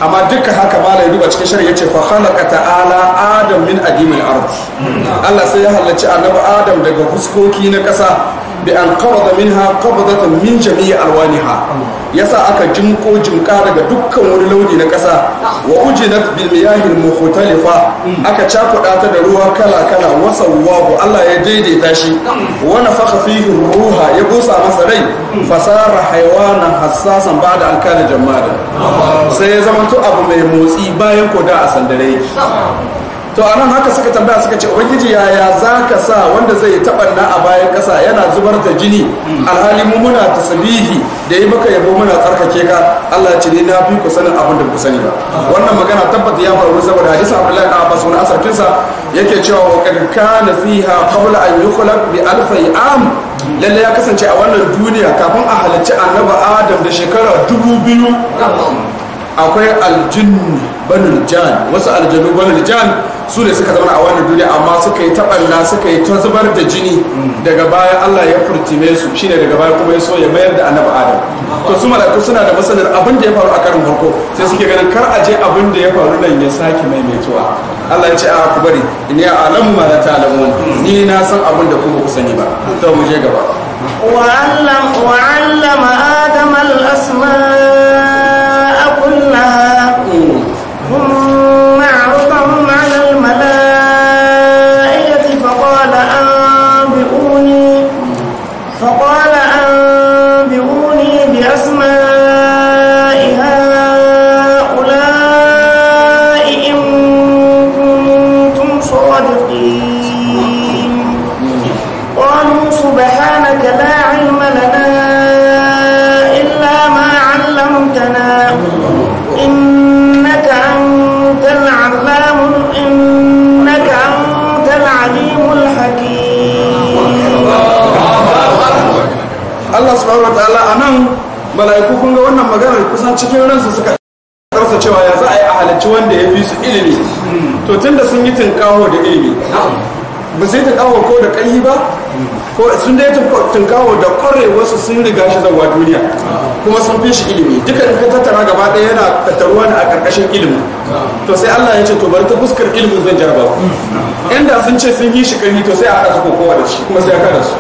amma duka haka ma ya duba cikin shari'a ce fa khalaqa ta'ala adam min adimil ard hmm. Allah sai ya halacci annabi adam daga huskoki na ƙasa bi an qabada minha qabdatan min jami'i alwaniha yasa aka jimko jimka daga dukkan wani launi na ƙasa wa ujinat bil miyahil mukhtalifa aka cakuɗa ta da ruwa kala kala wa sawwahu Allah ya daidaita shi wa nafakha fihi ya busa masa rai fasara haywana hassasan ba'da an kana jammada sai ya zama to abu mai motsi bayan ko da a sandare to a nan haka suka tambaya suka ce ubangiji yaya za ka sa wanda zai taɓa na a bayan ƙasa yana zubar da jini alhali mu muna tasbihi da yi maka yabo muna tsarkake ka Allah ce ni na fi ku sanin abin da ku sani ba wannan magana tabbata ya faru saboda hadisi Abdullahi ibn Abbas wani asarkin sa yake cewa wa kad kana fiha qabla an yukhlaq bi alfi am lalle ya kasance a wannan duniya kafin a halarci annabi Adam da shekara dubu biyu akwai aljinnu banul jan wasu aljanu banul jan su ne suka zama a wannan duniya amma suka yi taɓalla suka yi ta da jini daga baya Allah ya furtime su shine daga baya kuma ya so ya mayar da annabi Adam to su malaku suna da masanar abin da ya faru a karin farko sai suke ganin kar a je abin da ya faru nan ya sake maimaituwa Allah ya ce a ku bari in ya alamu ma la ta'lamun ni na san abin da kuma ku sani ba to mu je gaba wa allama wa adama al-asma tinkawo da wasu sun riga shi zawa duniya kuma sun fi shi ilimi duka in ka tattara gaba ɗaya yana tattaruwa ne a ƙarƙashin ilimi to sai Allah ya ce to bari ta fuskar ilimin zan jarba ku inda sun ce sun yi shi kani to sai a haɗa su kowa da shi kuma sai a kada su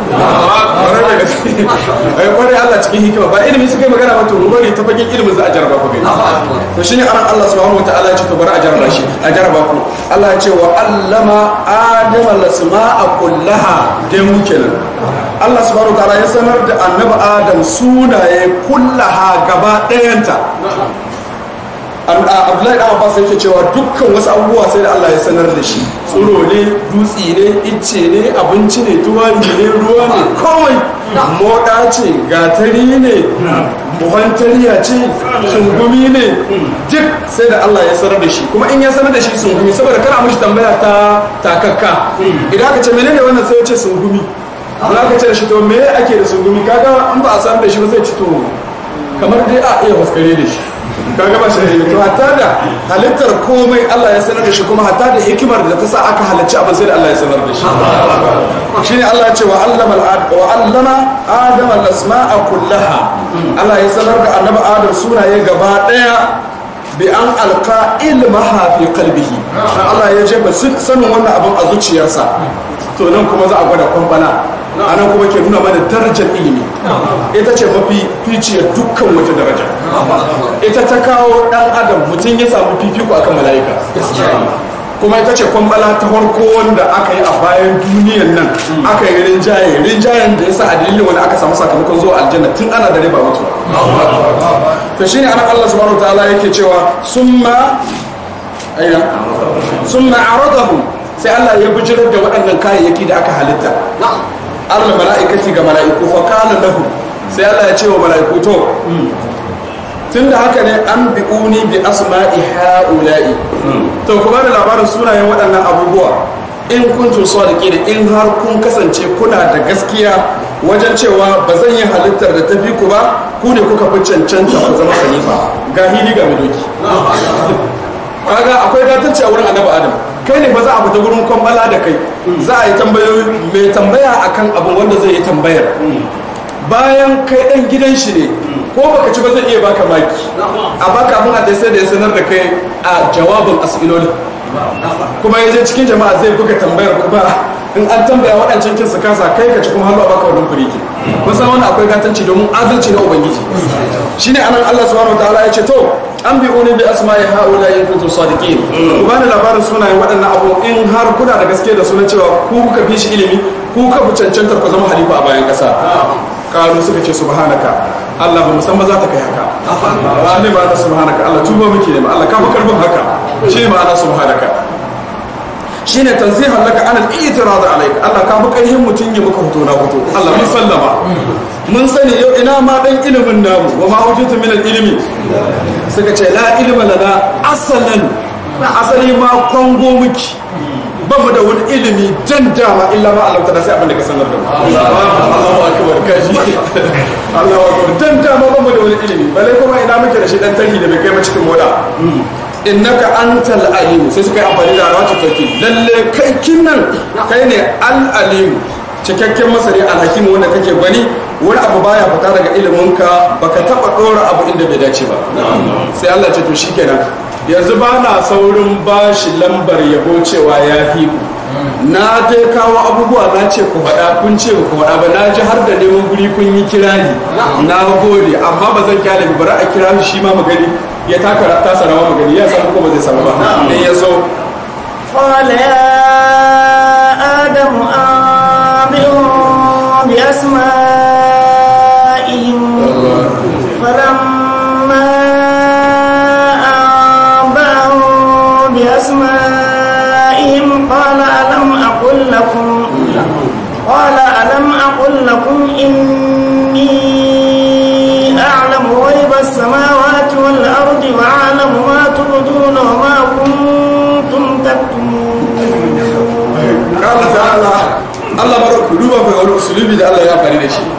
kwarai Allah cikin hikima ba ilimi su kai magana ba to bari ta fagen ilimin za a jarba ku gani to shine aran Allah subhanahu wataala ya ce to bari a jarba shi a jarba ku Allah ya ce wa allama adama lasma'a kullaha dai mu kenan Allah subhanahu ta'ala ya sanar da annabi Adam sunaye kullaha gaba ɗayanta Abdullahi da Abbas yake cewa dukkan wasu abubuwa sai da Allah ya sanar da shi tsiro ne dutse ne icce ne abinci ne tuwani ne ruwa ne kawai moda ce gatari ne buhantariya ce sungumi ne duk sai da Allah ya sanar da shi kuma in ya sanar da shi sungumi saboda kana mishi tambaya ta takakka idan aka ce menene wannan sai ya ce sungumi amma ka ce shi to me ake da sungumi kaga an ba a san da shi ba zai ci to kamar dai a iya waskare da shi kaga ba shi da to hatta da halittar komai Allah ya sanar da shi kuma hatta da hikimar da ta sa aka halarci abin sai da Allah ya sanar da shi shine Allah ya ce wa allama wa allama adam al-asma'a kullaha Allah ya sanar da annabi Adam sunaye gaba daya bi an alqa ilmaha fi qalbihi Allah ya ba sanin wannan abin a zuciyarsa to nan kuma za a gwada kwambala anan kuma ke nuna mana darajar ilimi ita ce mafi ficiya dukkan wata daraja ita ta kawo dan adam mutum ya samu fifiko akan mala'ika kuma ita ce kwambala ta farko wanda aka yi a bayan duniyan nan aka yi rinjaye rinjayen da ya sa a dalilin wani aka samu sakamakon zuwa aljanna tun ana da ba mutu to shine ana Allah subhanahu ta'ala yake cewa summa aina summa aradahu sai Allah ya bijirar da waɗannan kayayyaki da aka halitta al mala'ikati ga mala'iku fa kana lahu sai Allah ya ce wa mala'iku to hmm, tunda haka ne an bi'uni bi asma'i ha'ula'i hmm. to ku bada labarin sunayen waɗannan abubuwa in kuntum sadiqin in har kun kasance kuna da gaskiya wajen cewa ba zan yi halittar da ta fi ku ba ku ne kuka fi cancanta ku zama khalifa ga hili ga doki kaga akwai gatanci a wurin annabi adam kai ne ba za a fita gurin kwambala da kai za a yi tambayoyi mai tambaya akan abin wanda zai yi tambayar mm. bayan kai dan gidan shi ne ko baka ci ba zai iya baka maki baka kafin a sai da ya sanar da kai a jawabin as'ilolin kuma yaje cikin jama'a zai buga tambayar ku ba in an tambaya waɗancan kin su kasa kai ka ci kuma hannu a baka wannan firiki musan wani akwai gatanci domin azanci na ubangiji shine anan Allah subhanahu wataala ya ce to an bi uni bi asma'i haula in kuntum sadiqin ku bani labarin sunayen waɗannan abu in har kuna da gaske da sunan cewa ku kuka fi shi ilimi ku ka fi cancantar ku zama halifa a bayan kasa. karu suka ce subhanaka Allah ba musamman za ta kai haka shi ne ma'ana subhanaka Allah tuba muke ne Allah ka fi haka shi ne ma'ana subhanaka shi ne tanzihan laka an al-i'tirad alayka Allah ka fi karfin mutum ya muka hoto na hoto Allah mun sallama mun sani yau ina ma dan ilimin namu wa ma wajidtu min al-ilmi suka ce la ilima lana asalan na asali ma kongo muke. ba mu da wani ilimi jan dama illa ma Allah ta'ala sai abin da ka sanar da mu Allahu akbar kaji Allahu akbar jan dama ba mu da wani ilimi bale kuma ina muke da shi dan tahi da bai kai mu cikin moda innaka antal alim sai suka yi amfani da rawatu take lalle kai kinnan kai ne al alim cikakken masari alhakimu wanda kake gani wani abu baya fita daga iliminka baka taba dora abu inda bai dace ba sai Allah ce to shikenan yanzu ba na saurin ba shi lambar yabo cewa ya fi ku na dai kawo abubuwa na ce ku faɗa kun ce ku faɗa ba na ji har da neman guri kun yi ne na gode amma ba zan kyale bari a kira shi ma magani ya taka ta sarawa magani ya samu ko ba zai samu ba ne ya so أسمائهم قال ألم أقل لكم قال ألم أقل لكم إني أعلم غيب السماوات والأرض وأعلم ما تبدون وما كنتم تكتمون قال تعالى الله بارك لوما في أولو الله يا فريد الشيء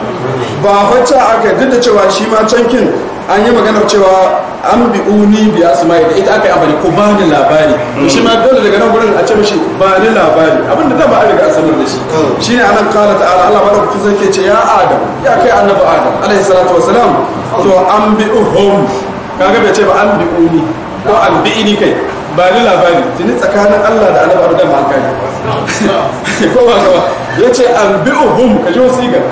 ba wacce aka duk da cewa shi ma cankin an yi maganar cewa an bi uni bi asma'i da ita aka yi amfani ko bani labari shi ma dole daga nan gurin a ce mishi bani labari abinda da ba a riga sanar da shi Shi ne anan qala ta'ala Allah ba da ku ce ya adam ya kai annabi adam alaihi salatu wassalam to an bi uhum kaga bai ce ba an bi uni ko an bi ini kai bani labari tuni tsakanin Allah da annabi adam haka ne ko ba ya ce an bi uhum ka ji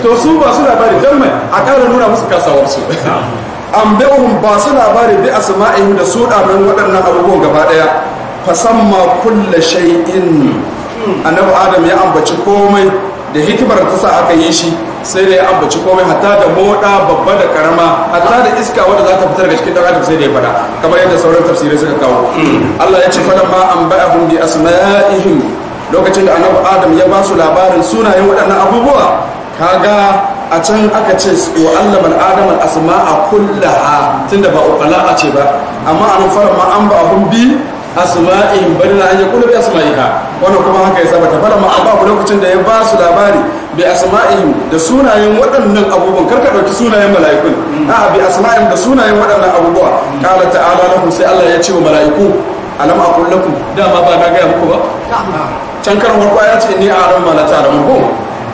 to su ba su labari don mai a ƙara nuna musu su. an bi uhum ba su labari bi asma'ihim da su ɗamin waɗannan abubuwan gaba ɗaya fasamma kulla shay'in annabi adam ya ambaci komai da hikimar ta sa aka yi shi sai da ya ambaci komai hatta da moda babba da karama hatta da iska wadda za ta fitar da cikin dan sai da ya fada kamar yadda sauran tafsirai suka kawo hmm. Allah ya ce fa ma an ba'ahum bi asma'ihim lokacin da annabi adam ya ba su labarin sunayen waɗannan abubuwa kaga a can aka ce wa Allah bal adam al asma'a kullaha tunda ba ukala a ce ba amma an fara ma an ba hun bi asma'in bal la an yakulu bi asma'iha wannan kuma haka ya sabata fara ma an ba lokacin da ya ba su labari bi asma'in da sunayen waɗannan abubuwan karka ɗauki sunayen mala'iku. a bi asma'in da sunayen waɗannan abubuwa kala ta'ala lahum sai Allah ya ce wa mala'iku alam aqul dama ba na ga muku ba can karin farko ya ce ni a ran ma na tare mu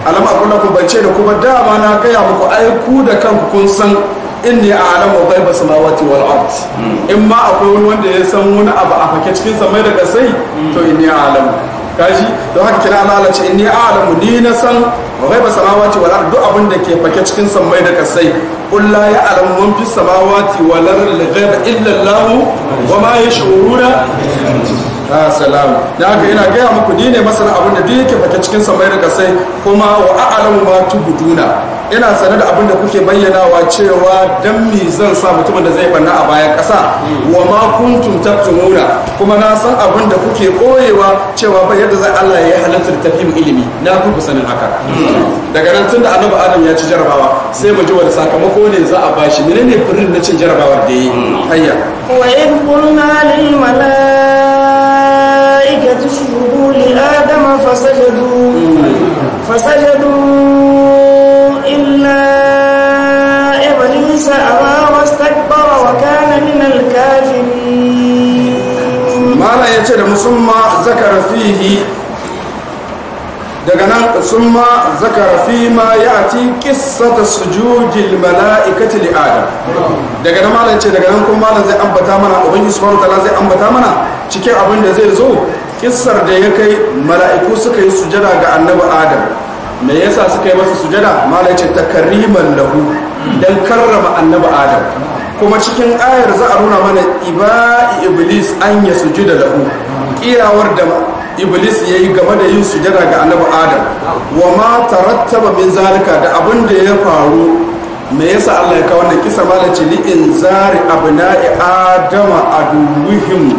alam akun lakum bance da kuma dama na gaya muku ai ku da kanku kun san inni a'lamu ghaiba samawati wal ard hmm. in ma akwai wani wanda ya san wani abu a fake cikin samai da sai? to hmm. inni a'lamu kaji don haka kina Allah ce inni a'lamu ni na san ghaiba samawati wal ard duk abin da ke fake cikin samai da kasai qul la ya'lamu man fis samawati wal ard ghaiba illa Allah wa ma yash'uruna a salama da haka yana gaya muku ni ne masana abin da duke yake fata cikin samai da sai kuma wa a'lamu ma tubuduna ina sanar da abin da kuke bayyanawa cewa dan me zan sa mutumin da zai banna a bayan kasa wa ma kuntum taktumuna kuma na san abin da kuke koyewa cewa ba yadda zai Allah ya halatta tafhim ilimi na ku sanin haka daga nan tunda annabi adam ya ci jarabawa sai mu ji wani sakamako ne za a bashi menene furin na cin jarabawar da yi hayya wa idh lil malaa الملائكة اسجدوا لآدم فسجدوا فسجدوا إلا إبليس واستكبر وكان من الكافرين ما لا ذكر فيه daga nan sun ma zakara fi ma ya ci kissata sujudil mala'ikati li adam daga nan malam ce daga nan kuma malam zai ambata mana ubangiji subhanahu wataala zai ambata mana cikin abin da zai zo kissar da ya kai mala'iku suka yi sujada ga annabi adam me yasa suka yi masa sujada malai ce Kariman lahu dan karrama annabi adam kuma cikin ayar za a nuna mana iba'i iblis an ya sujuda lahu kiyawar da iblis ya yi game da yin sujada ga annabi adam wa ma tarattaba min zalika da abin da ya faru me yasa Allah ya kawo wannan kisa malaci in zari abna'i adama aduwihim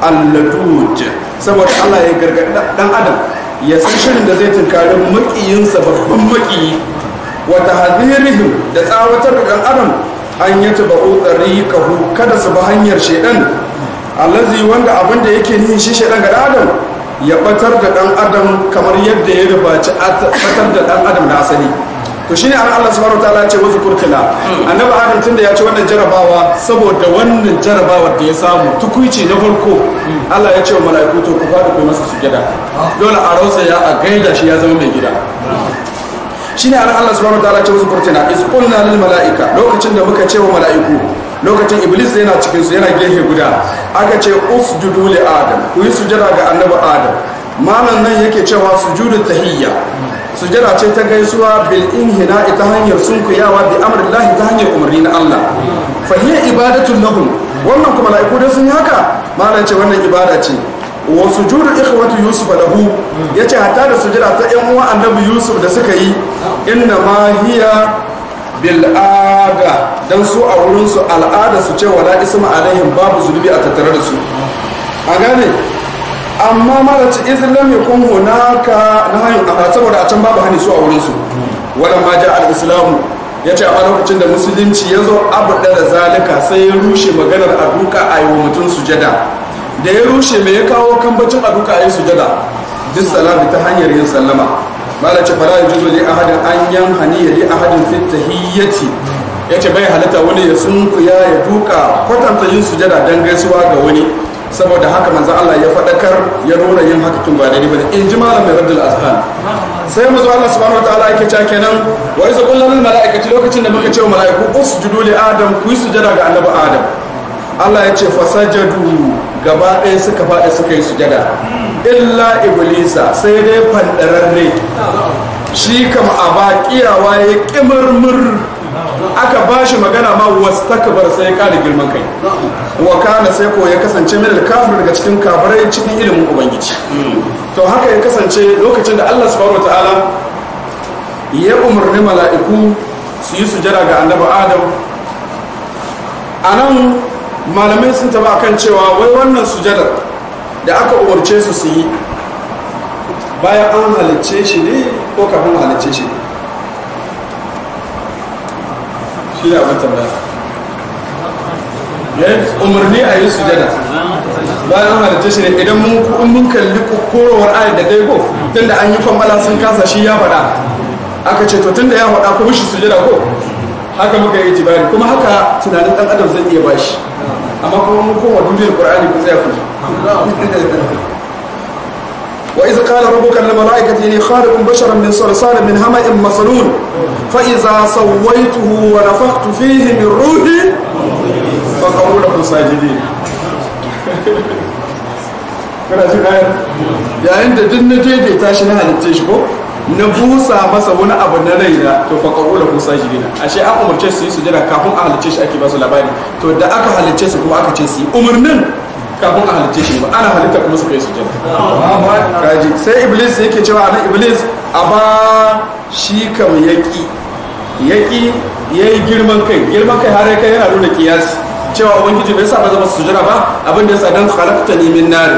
alladuj saboda Allah ya gargadi dan adam ya san shirin da zai tunkari makiyinsa babban makiyi wa tahdhirihim da tsawatar da dan adam an yi taba'u ka kada su ba hanyar shaidan allazi wanda abin da yake nihin shi shaidan ga adam ya batar da dan adam kamar yadda ya rubaci batar da ɗan adam na asali to shi ne Allah subhanahu wataala ya ce wasu kurkila annabi adam tunda ya ci wannan jarabawa saboda wannan jarabawar da ya samu tukuici na farko Allah ya ce wa mala'iku to ku fadi ku masa sujada dole a rausa ya a gaida shi ya zama mai gida shi ne Allah subhanahu wataala ya ce wasu kurkila is qulna lil mala'ika lokacin da muka ce wa mala'iku lokacin iblis yana cikin su yana gefe guda aka ce usjudu li adam ku yi sujada ga annabi adam malam nan yake cewa sujudu tahiyya sujada ce ta gaisuwa bil inhina ita hanyar sunkuyawa bi amrillahi ta hanyar umarni na Allah fa hiya ibadatun lahum wannan kuma laiku da sun yi haka malan ce wannan ibada ce wa sujudu ikhwati yusuf lahu yace hatta da sujada ta yan uwa annabi yusuf da suka yi inna ma hiya ada don su a wurin su al'ada su ce wala ismu alaihim babu zunubi a tattare da su a gane amma mara ci izin lam yakun hunaka nahyu aka saboda a can babu hani su a wurin su wala ma ja al-islamu yace a lokacin da musulunci ya zo abu da zalika sai ya rushe maganar a duka a yi wa mutum sujada da ya rushe mai ya kawo kambacin a duka a yi sujada duk salami ta hanyar yin sallama Mara ce fara ya juzo li ahadin an yan hani ya ahadin fi tahiyyati yace bai halitta wani ya sunkuya ya duka kwatanta yin sujada dan gaisuwa ga wani saboda haka manzo Allah ya faɗakar ya nuna yin haka tun ba daidai bane in ji malam mai raddul azhan sai mu zo Allah subhanahu wataala yake cewa kenan wa iza qulna lil malaikati lokacin da muka ce wa malaiku usjudu li adam ku yi sujada ga annabi adam Allah ya ce fasajadu gaba ɗaya suka faɗi suka yi sujada illa iblisa sai dai fandararre shi kama a baƙiyawa ya ƙimirmir aka ba shi magana ma wasu takabar sai ya kare girman kai wa kana sai ko ya kasance min alkafir daga cikin kafirai cikin ilimin ubangiji to haka ya kasance lokacin da Allah subhanahu wataala ya umarni mala'iku su yi sujada ga annabi Adam anan malamai sun taba kan cewa wai wannan sujada da aka umarce su su yi bayan an halicce shi ne ko kafin halicce shi ne shi ne abin tambaya umarni a yi sujada bayan an halitta shi ne idan mun kun kalli korowar ayat da dai ko tunda an yi kwamala sun kasa shi ya faɗa aka ce to tunda ya faɗa ko shi sujada ko haka muka yi tibari kuma haka tunanin ɗan adam zai iya bashi amma kuma mun koma duniyar qur'ani ko tsaya kuma وإذا قال ربك للملائكة إني خالق بشرا من صلصال من همإ مسنون فإذا سويته ونفخت فيه من روحي فقعوا له ساجدين يا أنت جنة جيدي تاشنها للتشبه نبوسا بس هنا أبنا ليلى تفقعوا له ساجدين أشياء أمر تشيسي سجدنا كافون أهل تشيسي تشأكي بس لبايني تودا أكا أهل تشسي كو أكا تشيسي أمرنا أمرنا kafin a halitta shi ba ana halitta kuma su kai su jana kaji sai iblis yake cewa ana iblis a ba shi kam yaki yaki yi girman kai girman kai har kai yana nuna kiyasi cewa ubangiji bai sa ba zama su jira ba abin da sa don khalaqta ni min nar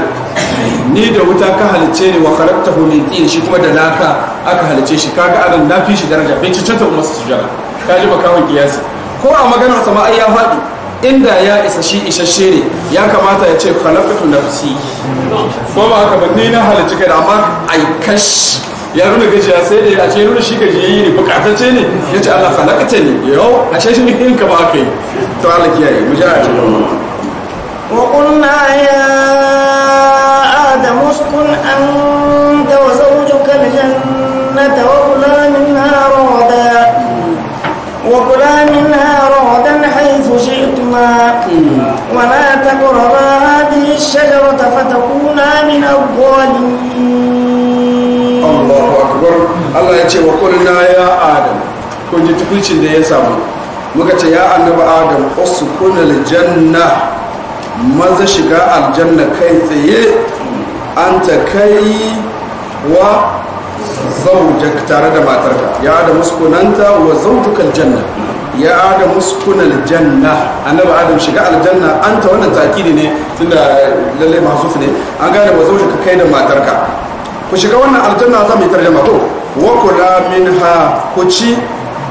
ni da wuta ka halice ni wa khalaqtahu min tin shi kuma da laka aka halice shi kaga adam na fi shi daraja bai ci kuma umma su jira kaji ba kawai kiyasi ko a magana sama ai ya faɗi inda ya isa shi isasshe ne ya kamata ya ce khalaqatu nafsi ko ba haka ba ni na halicci kai amma ai kash ya nuna ya sai da a ce nuna shi yayi ne bukatacce ne ya ce Allah khalaqata ne yo a ce shi ne ka ba kai to Allah kiyaye mu ja ta wa qulna ya adam uskun anta wa zawjuka al-jannata wa kula minha rawda wa kula منهما ولا تقربا هذه الشجرة فتكونا من الظالمين الله أكبر الله يتي وقلنا يا آدم kun ji tukucin da ya samu muka ce ya annabi adam usukun aljanna maza shiga aljanna kai tsaye an ta kai wa zaujak tare da matarka ya da muskunanta wa zaujuka aljanna ya adam uskun aljanna annabi adam shiga aljanna anta wannan takidi ne tunda lalle masu ne an gane wa zauji kai da matarka ku shiga wannan aljanna za mu yi tarjuma to wa kula minha ku ci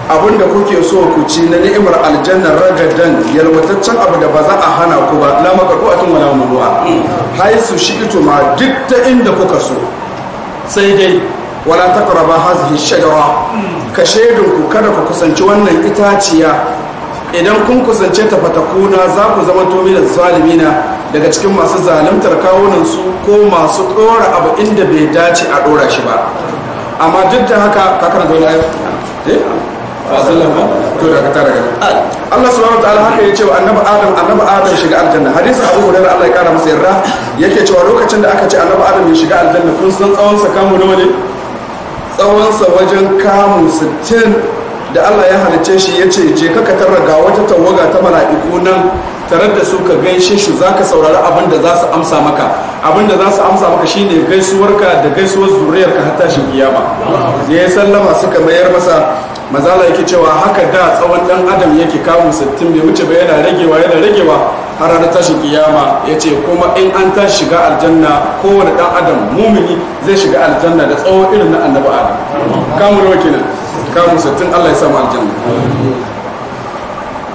abinda kuke so ku ci na ni'imar aljanna ragadan yalwataccen abu da ba za a hana ku ba la atun wala mamnu'a haisu shi'tu ma duk ta inda kuka so sai dai wala taqraba hadhihi shajara ka shaidunku kada ku kusanci wannan itaciya idan kun kusance ta fatakuna za ku zama tomi da zalimina daga cikin masu zalimtar kawunan ko masu dora abu inda bai dace a dora shi ba amma duk da haka ka karanta wani ayo eh? to daga tara gani Allah subhanahu wataala haka ya ce wa annabi Adam annabi Adam shiga aljanna hadisi Abu da Allah ya kara masa yarda yake cewa lokacin da aka ce annabi Adam ya shiga aljanna kun san tsawon sa kamu nawa ne tsawonsa wajen kamu 60 da allah ya halice shi ya ce je ka tarra ga wata tawaga ta mala'iku nan tare da su ka gaishe shi za ka saurari abin da za su amsa maka abin da za su amsa maka shine gaisuwarka da gaisuwar zuriyarka har shi kiyama ya sallama suka mayar masa mazala yake cewa haka da tsawon dan adam yake kawo sittin bai wuce ba yana ragewa yana ragewa har ranar tashin kiyama ya ce kuma in an ta shiga aljanna kowane dan adam mumini zai shiga aljanna da tsawon irin na annabi adam kamun nawa kenan kamun sittin allah ya samu aljanna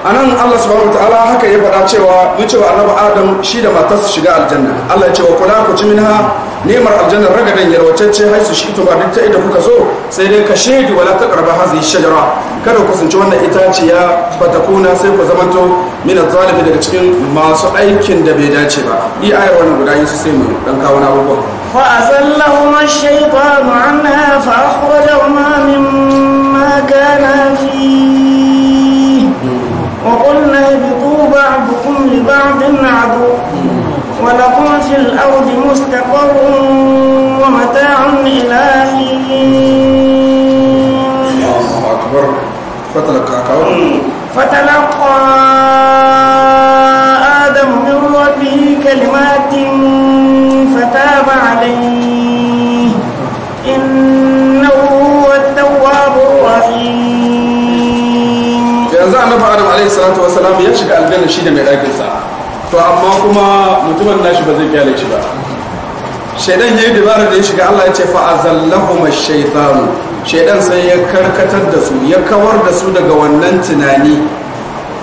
a nan allah subhanahu ta'ala haka ya faɗa cewa wuce wa annabi adam shi da matarsa shiga aljanna allah ya ce wa kula ku ci minha nemar aljanna ragadan yarwacacce haisu su shito ba duk ta inda kuka so sai dai ka shaidu wala ta karba hazi shajara kada ku sunci wannan itaciya bata kuna sai ku zamanto min zalimi daga cikin masu aikin da bai dace ba yi ayar wannan guda yin su sai mu dan kawo na abubuwa fa azallahuma ash-shaytanu anha fa akhrajahuma mimma kana fi وقلنا اهبطوا بعضكم لبعض عدو ولكم في الأرض مستقر ومتاع إلى الله أكبر فتلقى قوم فتلقى آدم من ربه كلمات فتاب عليه إنه هو التواب الرحيم. يا زعل أبو آدم عليه الصلاة والسلام يشكى البين الشيء من أجل ساعة. to amma kuma mutumin nashi ba zai kyale shi ba shaidan ya yi dabara da ya shiga allah ya ce fa'azallahuma shaitanu shaidan sai ya karkatar da su ya kawar da su daga wannan tunani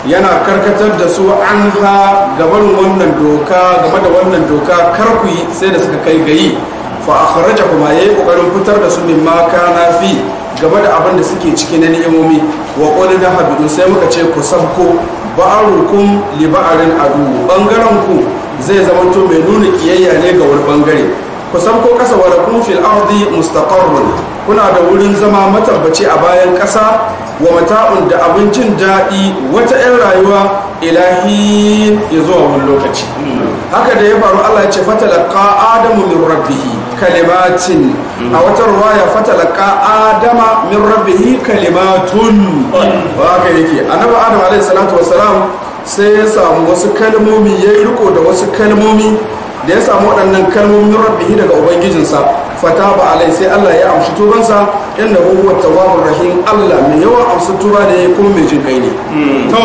yana karkatar da su an ha gaban wannan doka game da wannan doka kar ku yi sai da suka kai gayi fa akhraja kuma yayi kokarin fitar da su min maka na fi game da abin da suke ciki na ni'imomi wa qul da habidu sai muka ce ku sabko ba'arukum li ba'arin adu bangaren ku zai zama to mai nuna kiyayya ne ga wani bangare kusan ko kasa wa kun fil ardi mustaqarrun kuna da wurin zama matabbaci a bayan kasa wa mata'un da abincin daɗi wata 'yan rayuwa ilahi ya zuwa wani lokaci haka da ya faru Allah ya ce fatalaqa adamu min rabbih kalimatin a wata ruwaya fatalaka adama min rabbihi kalimatun ba ka yake annabi adam alaihi salatu wa salam sai ya samu wasu kalmomi ya yi riko da wasu kalmomi da ya samu waɗannan kalmomin rabbihi daga ubangijinsa fata ba alai sai Allah ya amshi tubansa inda huwa tawwabur rahim Allah mai yawan amsa tuba da ya kuma mai jin kai ne hmm. to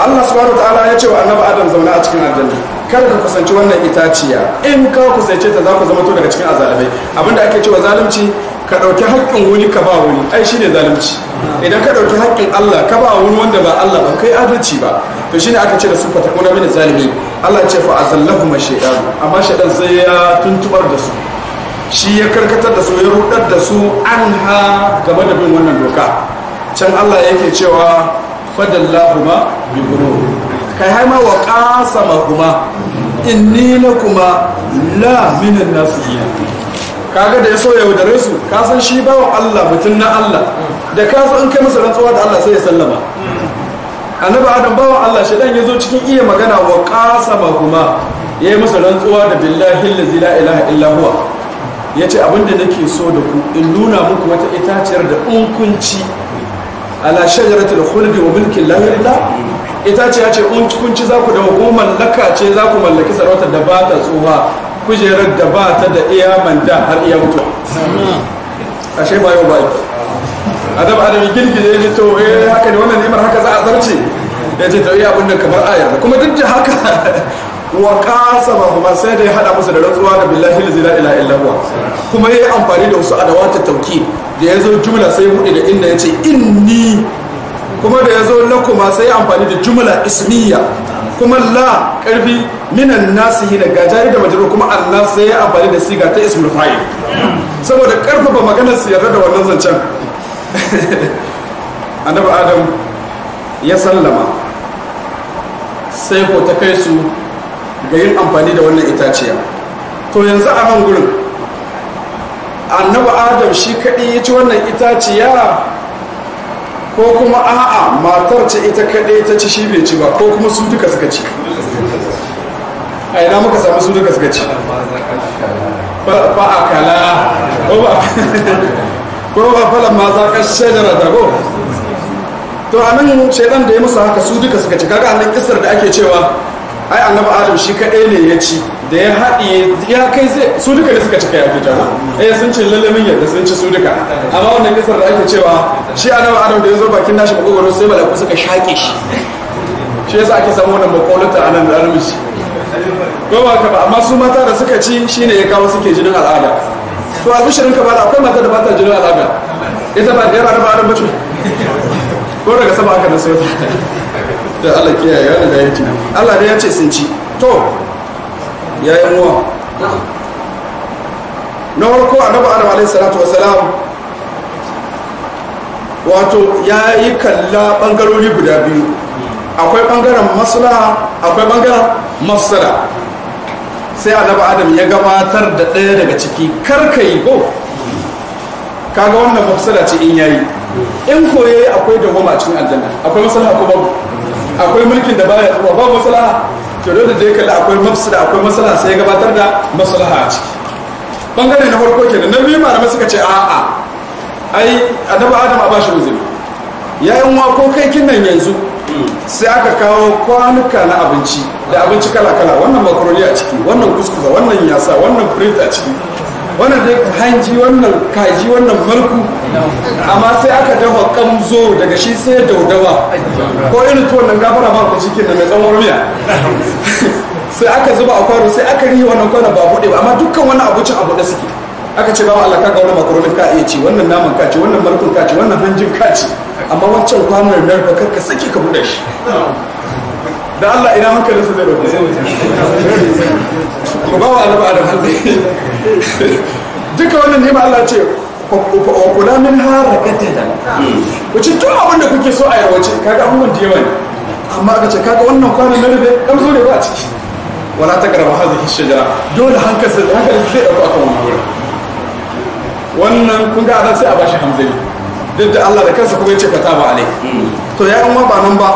Allah subhanahu wa ta'ala ya ce wa annabi adam zauna a cikin aljanna kar ka kusanci wannan itaciya in ka kusance ta za ku zama to daga cikin azalimai abinda ake cewa zalunci ka ɗauki haƙƙin wuni ka ba wuni ai shine zalunci idan ka ɗauki haƙƙin Allah ka ba wuni wanda ba Allah ba kai adalci ba to shine aka ce da su fata kuna mini zalimi Allah ce fa azallahuma shaytan amma shaytan sai ya tuntubar da su shi ya karkatar da su ya rudar da su an game da bin wannan doka can Allah yake cewa fadallahuma bi ghurur kai haima ma wa qasama kuma inni kuma la minan nasiyin kaga da ya so ya yaudare su ka san shi bawa Allah mutum na Allah da ka kai masa rantsuwa da Allah sai ya sallama annabi adam bawa Allah shi dan yazo cikin iya magana wa qasama kuma yayi masa rantsuwa da billahi allazi la ilaha illa huwa yace abinda nake so da ku in nuna muku wata itaciyar da unkunci ala shajaratul khuldi wa mulkin lahi illa ita ce ya ce kun ci za ku da hukumar mallaka ce za ku mallaki sarauta da ba ta tsuwa kujerar da ba ta da iya manta har iya mutuwa ashe ba yau ba adam adam girgize ne to eh haka ne wannan ni'imar haka za a zarce ya ce ta iya abin da kamar ayar kuma duk da haka wa ba kuma sai da ya hada musu da rantsuwa da billahi la ilaha illa huwa kuma yayi amfani da wasu adawata tauki da ya zo jumla sai ya bude da inda yace inni kuma da ya zo lakuma sai ya amfani da jumla ismiya kuma la karfi minan nasi hina gajari da majalu kuma Allah sai ya amfani da siga ta ismul fa'i saboda karfafa maganar su yarda da wannan zancen annabi adam ya sallama sai ko ta kai su ga yin amfani da wannan itaciya to yanzu a nan gurin annabi adam shi kaɗai ya ci wannan itaciya ko kuma a'a matar ce ita kaɗai ta ci shi bai ci ba ko kuma su duka suka ci a ina muka samu su duka suka ci kala, ko ba falon ma za ka shajara da go to a nan shaidan da ya musa haka su duka suka ci kaga annan kisar da ake cewa ai annabi adam shi kadai ne ya ci da ya haɗi ya kai sai su duka ne suka cika ya fita eh sun ce lalle yadda sun ci su duka amma wannan kisar da ake cewa shi annabi adam da ya zo bakin nashi makogoro sai malaku suka shaƙe shi shi yasa ake samu wannan makolata anan da namiji ko ba ka ba amma su mata da suka ci shine ya kawo suke jinin al'ada to a bishirin ka ba akwai mata da bata jinin al'ada ita ba da yara ba adam bace ko daga sama aka da ta. da Allah kiyaye ya da ya ci Allah dai ya ce sun ci to ya yi muwa na warko annabi adam alaihi salatu wa salam wato ya yi kalla bangarori guda biyu akwai bangaren maslaha akwai bangaren mafsada sai annabi adam ya gabatar da ɗaya daga ciki karkai ko kaga wannan mafsada ce in yayi in koye akwai dawama cikin aljanna akwai maslaha ko babu akwai mulkin da baya zuwa ba maslaha to dole da ya akwai mafsada akwai maslaha sai ya gabatar da maslaha a ciki bangare na farko kenan na biyu malamai suka ce a'a ai annabi adam a bashi uzuri yayin wa ko kai kin nan yanzu sai aka kawo kwanuka na abinci da abinci kala-kala wannan makaroni a ciki wannan kuskusa wannan yasa wannan print a ciki wannan ya hanji wannan kaji wannan marku amma sai aka dafa kamzo daga shi sai daudawa ko irin tuwon nan gafara ba ku cikin da mai tsawon miya sai aka zuba a kwano sai aka rihi wannan kwano ba buɗe ba amma dukkan wani abincin abu da suke aka ce ba Allah ka ga wannan makaronin ka iya ci wannan naman ka ci wannan markun ka ci wannan hanjin ka ci amma wancan kwanon nan ba ka saki ka buɗe shi da Allah ina su zai rubuta ku ba wa annabi adam hanzari duka wannan ne ma Allah ce kula min harakata da ku ci duk abin da kuke so a yawace kaga an da yawa ne amma aka ce kaga wannan kwanan na rube kan zo ne ba a ciki wala ta karba hazihi shajara dole hankalin hankalin zai dauko akan wannan wurin wannan kun ga anan sai a bashi hamzali duk da Allah da kansa kuma yace fata ba alai to ya yan ba nan ba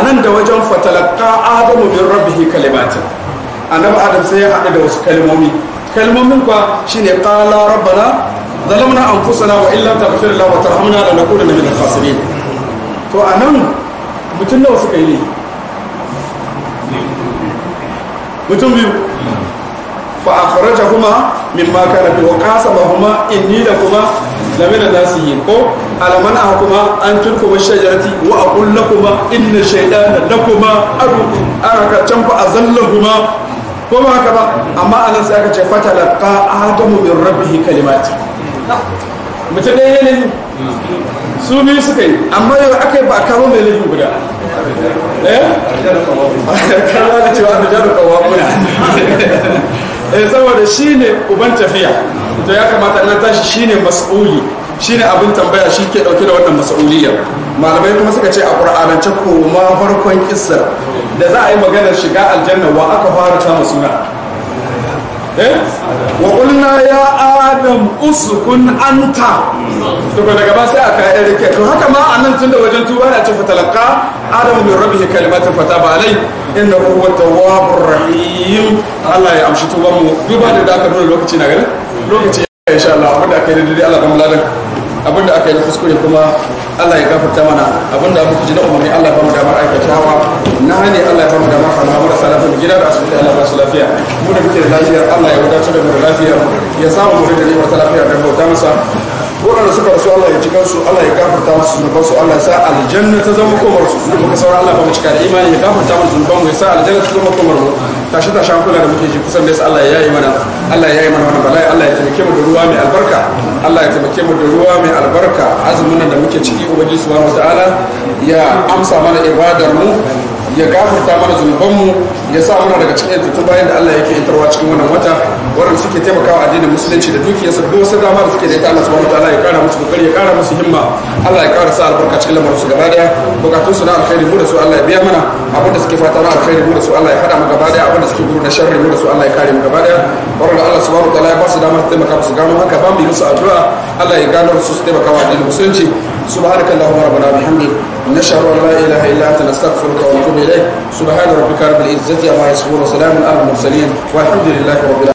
anan da wajen fatalaka adamu bin rabbihi kalimatin annabi adam sai ya haɗu da wasu kalmomi kalmomin ba shine qala rabbana zalamna anfusana wa illam taghfir lana wa tarhamna lanakunanna min al-khasirin to anan mutum nawa suka yi ne mutum biyu fa akhrajahuma mimma kana fi wa qasamahuma inni lakuma lamina nasiyin ko alaman ahkuma an kuma shajarati wa aqul lakuma inna shaytana lakuma araka tanfa azallahuma ko ba haka ba amma a nan sai aka ce fatalaka adamu min rabbihi kalimati mutum ɗaya ne su biyu suka yi amma yau aka yi ba kama mai laifin guda eh kala da cewa da jaru kawo eh saboda shine uban tafiya to ya kamata na tashi shine mas'uli shine abin tambaya shi ke dauke da wannan mas'uliyar malamai kuma suka ce a ƙur'anance koma farkon kissar da za a yi maganar shiga aljanna wa aka fara ta suna eh? wa ƙulna ya adam usukun anta daga daga ba sai aka yi rike to haka ma a nan tun da wajen tuba da ce fatalaka adam rabi rabbihi kalimatin fata ba alai inna wata tawwabur rahim Allah ya amshi tuban mu duba da da aka nuna lokaci na ganin lokaci ya insha Allah wanda aka yi daidai Allah da muladan abinda aka yi na kuskure kuma Allah ya gafarta mana abinda aka kuji na umarni Allah ba mu damar aikatawa na hane Allah ya ba mu damar kama marasa lafiya gida da asibiti Allah ba su lafiya mu da muke lafiya lafiyar Allah ya wadatar da mu lafiya lafiyar ya samu mu da ne wata lafiya da bauta masa waɗanda suka rasu Allah ya cikin su Allah ya gafarta musu zunuban su Allah ya sa aljanna ta zama komar su da muka sauran Allah ba mu cika da imani ya gafarta masu zunuban mu ya sa aljanna ta zama komar mu tashi tashi kula da muke ji kusan da Allah ya yi mana Allah ya yi mana wannan bala'i Allah ya taimake mu da ruwa mai albarka Allah ya taimake mu da ruwa mai albarka azumin da muke ciki ubangiji subhanahu wataala ya amsa mana ibadar mu ya gafarta mana zunubanmu ya sa muna daga cikin yantattu bayan da Allah yake intarwa cikin wannan wata waɗanda suke taimakawa addinin musulunci da dukiyarsa duk wasu dama da suke da ita Allah subhanahu wataala ya kara musu kokari ya kara musu himma Allah ya kara sa albarka cikin lamarin su gaba daya bukatun su na alkhairi mu da su Allah ya biya mana abin da suke fata na alkhairi mu da su Allah ya hada mu gaba daya abin da suke guru na sharri mu da su Allah ya kare mu gaba daya waɗanda Allah subhanahu wataala ya ba su dama su taimaka musu gano haka ban bi musu addu'a Allah ya gano su su taimakawa addinin musulunci سبحانك اللهم ربنا وبحمدك نشهد ان لا اله الا انت نستغفرك ونتوب اليك سبحان ربك رب العزه عما يصفون وسلام على المرسلين والحمد لله رب العالمين